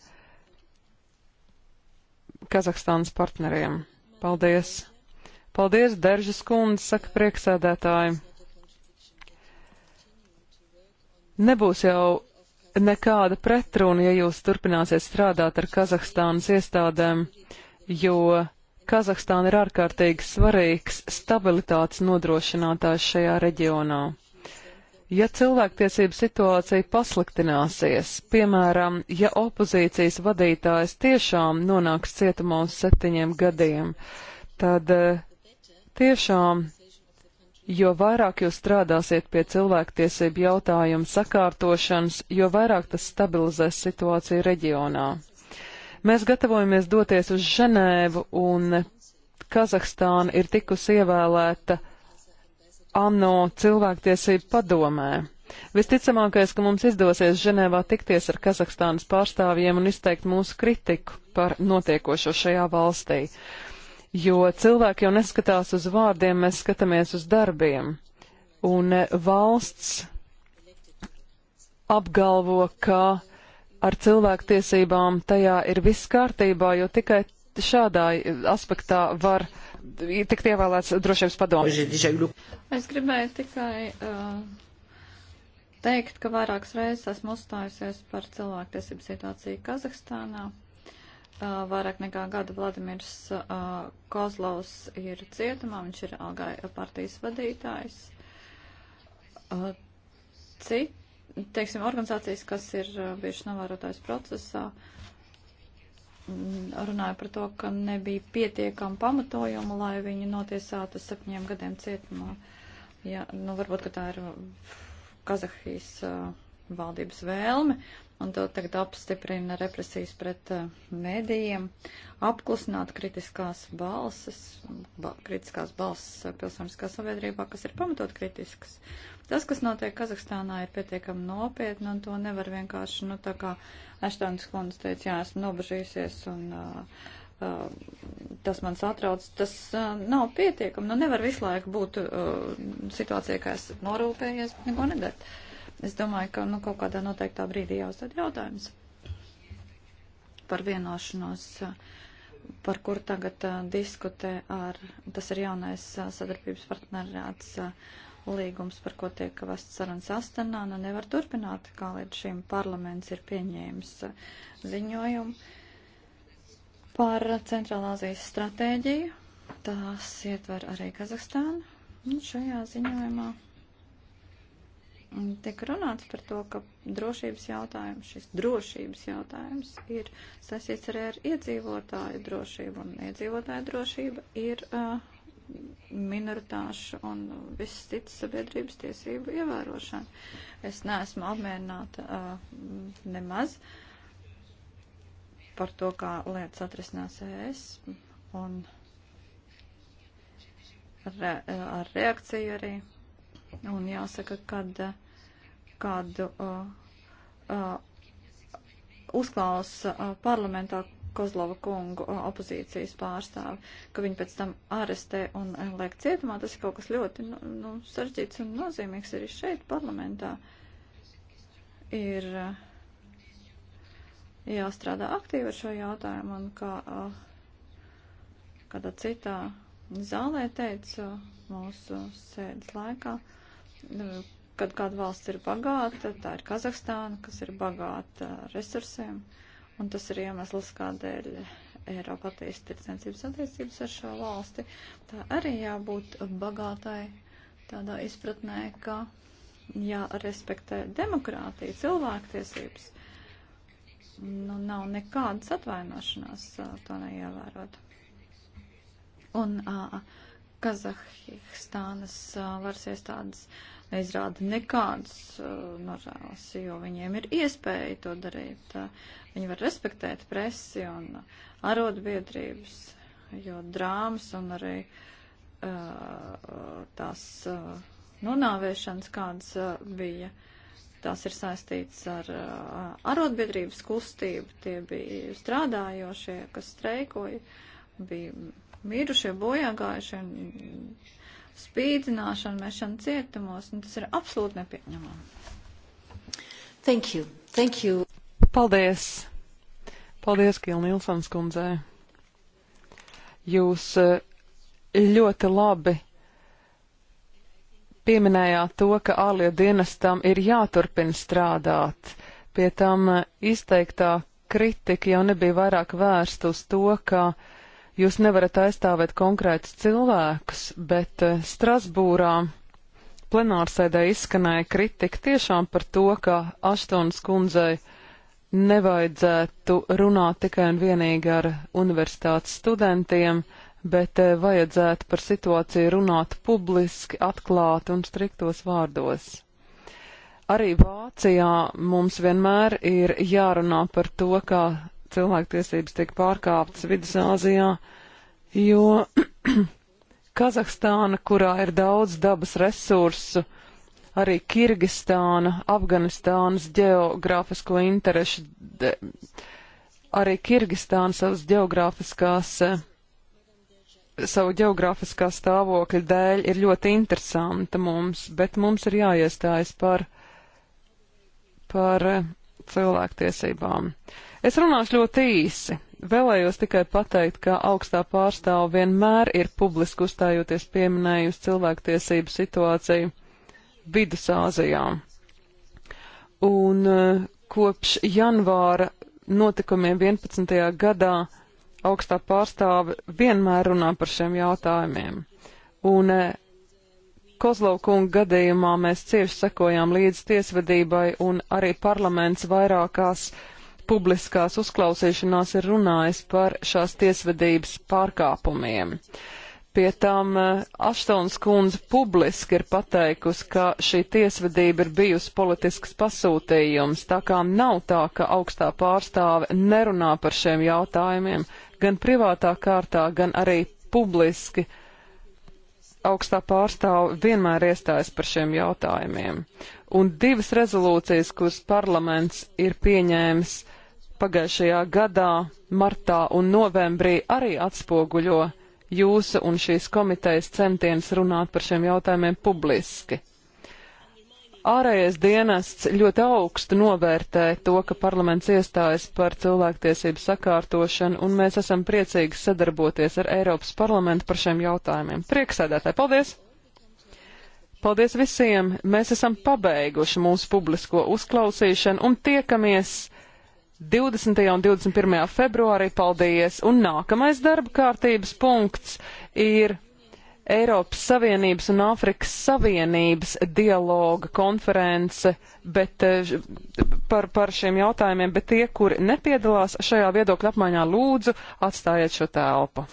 Kazahstānas partneriem. Paldies! Paldies, Deržas kundze, saka prieksēdētāji. Nebūs jau nekāda pretruna, ja jūs turpināsiet strādāt ar Kazahstānas iestādēm, jo Kazahstāna ir ārkārtīgi svarīgs stabilitātes nodrošinātājs šajā reģionā. Ja cilvēktiesība situācija pasliktināsies, piemēram, ja opozīcijas vadītājs tiešām nonāks cietumā uz septiņiem gadiem, tad eh, tiešām Jo vairāk jūs strādāsiet pie cilvēktiesību jautājumu sakārtošanas, jo vairāk tas stabilizēs situāciju reģionā. Mēs gatavojamies doties uz Ženēvu, un Kazahstāna ir tikusi ievēlēta ANO cilvēktiesību padomē. Visticamākais, ka mums izdosies Ženēvā tikties ar Kazahstānas pārstāvjiem un izteikt mūsu kritiku par notiekošo šajā valstī jo cilvēki jau neskatās uz vārdiem, mēs skatāmies uz darbiem. Un eh, valsts apgalvo, ka ar cilvēktiesībām tajā ir viss kārtībā, jo tikai šādā eh, aspektā var tikt ievēlēts drošības padomu. Es gribēju tikai uh, teikt, ka vairākas reizes esmu uzstājusies par cilvēktiesību situāciju Kazahstānā vairāk nekā gadu Vladimirs Kozlovs ir cietumā, viņš ir Algai partijas vadītājs. Cit, teiksim, organizācijas, kas ir bijušas novērotājs procesā, mm, runāja par to, ka nebija pietiekama pamatojuma, lai viņu notiesātu septiņiem gadiem cietumā. Jā, nu varbūt, ka tā ir Kazahijas valdības vēlme, un to tagad apstiprina represijas pret uh, medijiem, apklusināt kritiskās balses, ba kritiskās balses eh, pilsoniskā sabiedrībā, kas ir pamatot kritiskas. Tas, kas notiek Kazahstānā, ir pietiekami nopietni, un to nevar vienkārši, nu, tā kā Aštāns Klundis teica, jā, esmu nobežīsies, un uh, uh, tas man satrauc, tas uh, nav pietiekami, nu, nevar visu laiku būt uh, situācija, kā esmu norūpējies, neko nedarīt. Es domāju, ka nu, kaut kādā noteiktā brīdī jāuzdod jautājums par vienošanos, par kur tagad uh, diskutē ar, tas ir jaunais uh, sadarbības partnerāts uh, līgums, par ko tiek vests sarunas astanā, nu nevar turpināt, kā līdz šim parlaments ir pieņēmis uh, ziņojumu par Centrālāzijas stratēģiju. Tās ietver arī Kazahstānu. Un šajā ziņojumā tiek runāts par to, ka drošības jautājums, šis drošības jautājums ir sasīts arī ar iedzīvotāju drošību, un iedzīvotāju drošība ir uh, minoritāšu un viss cits sabiedrības tiesību ievērošana. Es neesmu apmierināta uh, nemaz par to, kā lietas atrisinās ES, un ar, uh, ar reakciju arī Un jāsaka, kad kādu uh, uh, uzklausa uh, parlamentā Kozlova kungu uh, opozīcijas pārstāvi, ka viņi pēc tam arestē un uh, liek cietumā, tas ir kaut kas ļoti nu, nu, saržģīts un nozīmīgs arī šeit parlamentā. Ir uh, jāstrādā aktīvi ar šo jautājumu un kā uh, kādā citā zālē teica uh, mūsu sēdes laikā. Uh, Nu, kad kāda valsts ir bagāta, tā ir Kazahstāna, kas ir bagāta resursiem, un tas ir iemesls, kādēļ Eiropa attīst tirdzniecības attiecības ar šo valsti. Tā arī jābūt bagātai tādā izpratnē, ka jārespektē demokrātija, cilvēktiesības. Nu, nav nekādas atvainošanās to neievērot. Un uh, Kazahstānas varas iestādes neizrāda nekādas morāls, jo viņiem ir iespēja to darīt. Viņi var respektēt presi un arotbiedrības, jo drāmas un arī tās nonāvēšanas, kādas bija, tās ir saistītas ar arotbiedrības kustību. Tie bija strādājošie, kas streikoja, bija mirušie, bojāgājušie, spīdzināšana, mešana cietumos, un tas ir absolūti nepieņemami. Thank you. Thank you. Paldies. Paldies, Kila Nilsons kundzē. Jūs eh, ļoti labi pieminējāt to, ka ārlietu dienestam ir jāturpina strādāt. Pie tam eh, izteiktā kritika jau nebija vairāk vērsta uz to, ka uh, jūs nevarat aizstāvēt konkrētus cilvēkus, bet eh, Strasbūrā plenārsēdē izskanēja kritika tiešām par to, ka Aštons kundzei nevajadzētu runāt tikai un vienīgi ar universitātes studentiem, bet eh, vajadzētu par situāciju runāt publiski, atklāti un striktos vārdos. Arī Vācijā mums vienmēr ir jārunā par to, kā cilvēktiesības tiek pārkāptas Vidusāzijā, jo Kazahstāna, kurā ir daudz dabas resursu, arī Kirgistāna, Afganistānas geogrāfisko interešu, de, arī Kirgistāna savas geogrāfiskās, eh, savu geogrāfiskā stāvokļa dēļ ir ļoti interesanta mums, bet mums ir jāiestājas par, par eh, cilvēktiesībām. Uh, Es runāšu ļoti īsi. Vēlējos tikai pateikt, ka augstā pārstāva vienmēr ir publiski uzstājoties pieminējusi cilvēktiesību situāciju Vidusāzijā. Un eh, kopš janvāra notikumiem 11. gadā augstā pārstāve vienmēr runā par šiem jautājumiem. Un eh, Kozlovkunga gadījumā mēs cieši sekojām līdz tiesvedībai un arī parlaments vairākās uh, publiskās uzklausīšanās ir runājis par šās tiesvedības pārkāpumiem. Pie tam eh, Aštons kundze publiski ir pateikusi, ka šī tiesvedība ir bijusi politisks pasūtījums, tā kā nav tā, ka augstā pārstāve nerunā par šiem jautājumiem, gan privātā kārtā, gan arī publiski augstā pārstāva vienmēr iestājas par šiem jautājumiem. Un divas rezolūcijas, kuras parlaments ir pieņēmis pagājušajā gadā, martā un novembrī, arī atspoguļo jūsu un šīs komitejas centienus runāt par šiem jautājumiem publiski. Ārējais dienests ļoti augstu novērtē to, ka parlaments iestājas par cilvēktiesību sakārtošanu, un mēs esam priecīgi sadarboties ar Eiropas parlamentu par šiem jautājumiem. Prieksēdētāji, paldies! Paldies visiem! Mēs esam pabeiguši mūsu publisko uzklausīšanu un tiekamies 20. un 21. februārī. Paldies! Un nākamais darba kārtības punkts ir. Eiropas Savienības un Āfrikas Savienības dialoga konference bet, eh, par, par šiem jautājumiem, bet tie, kuri nepiedalās šajā viedokļa apmaiņā, lūdzu atstājiet šo telpu.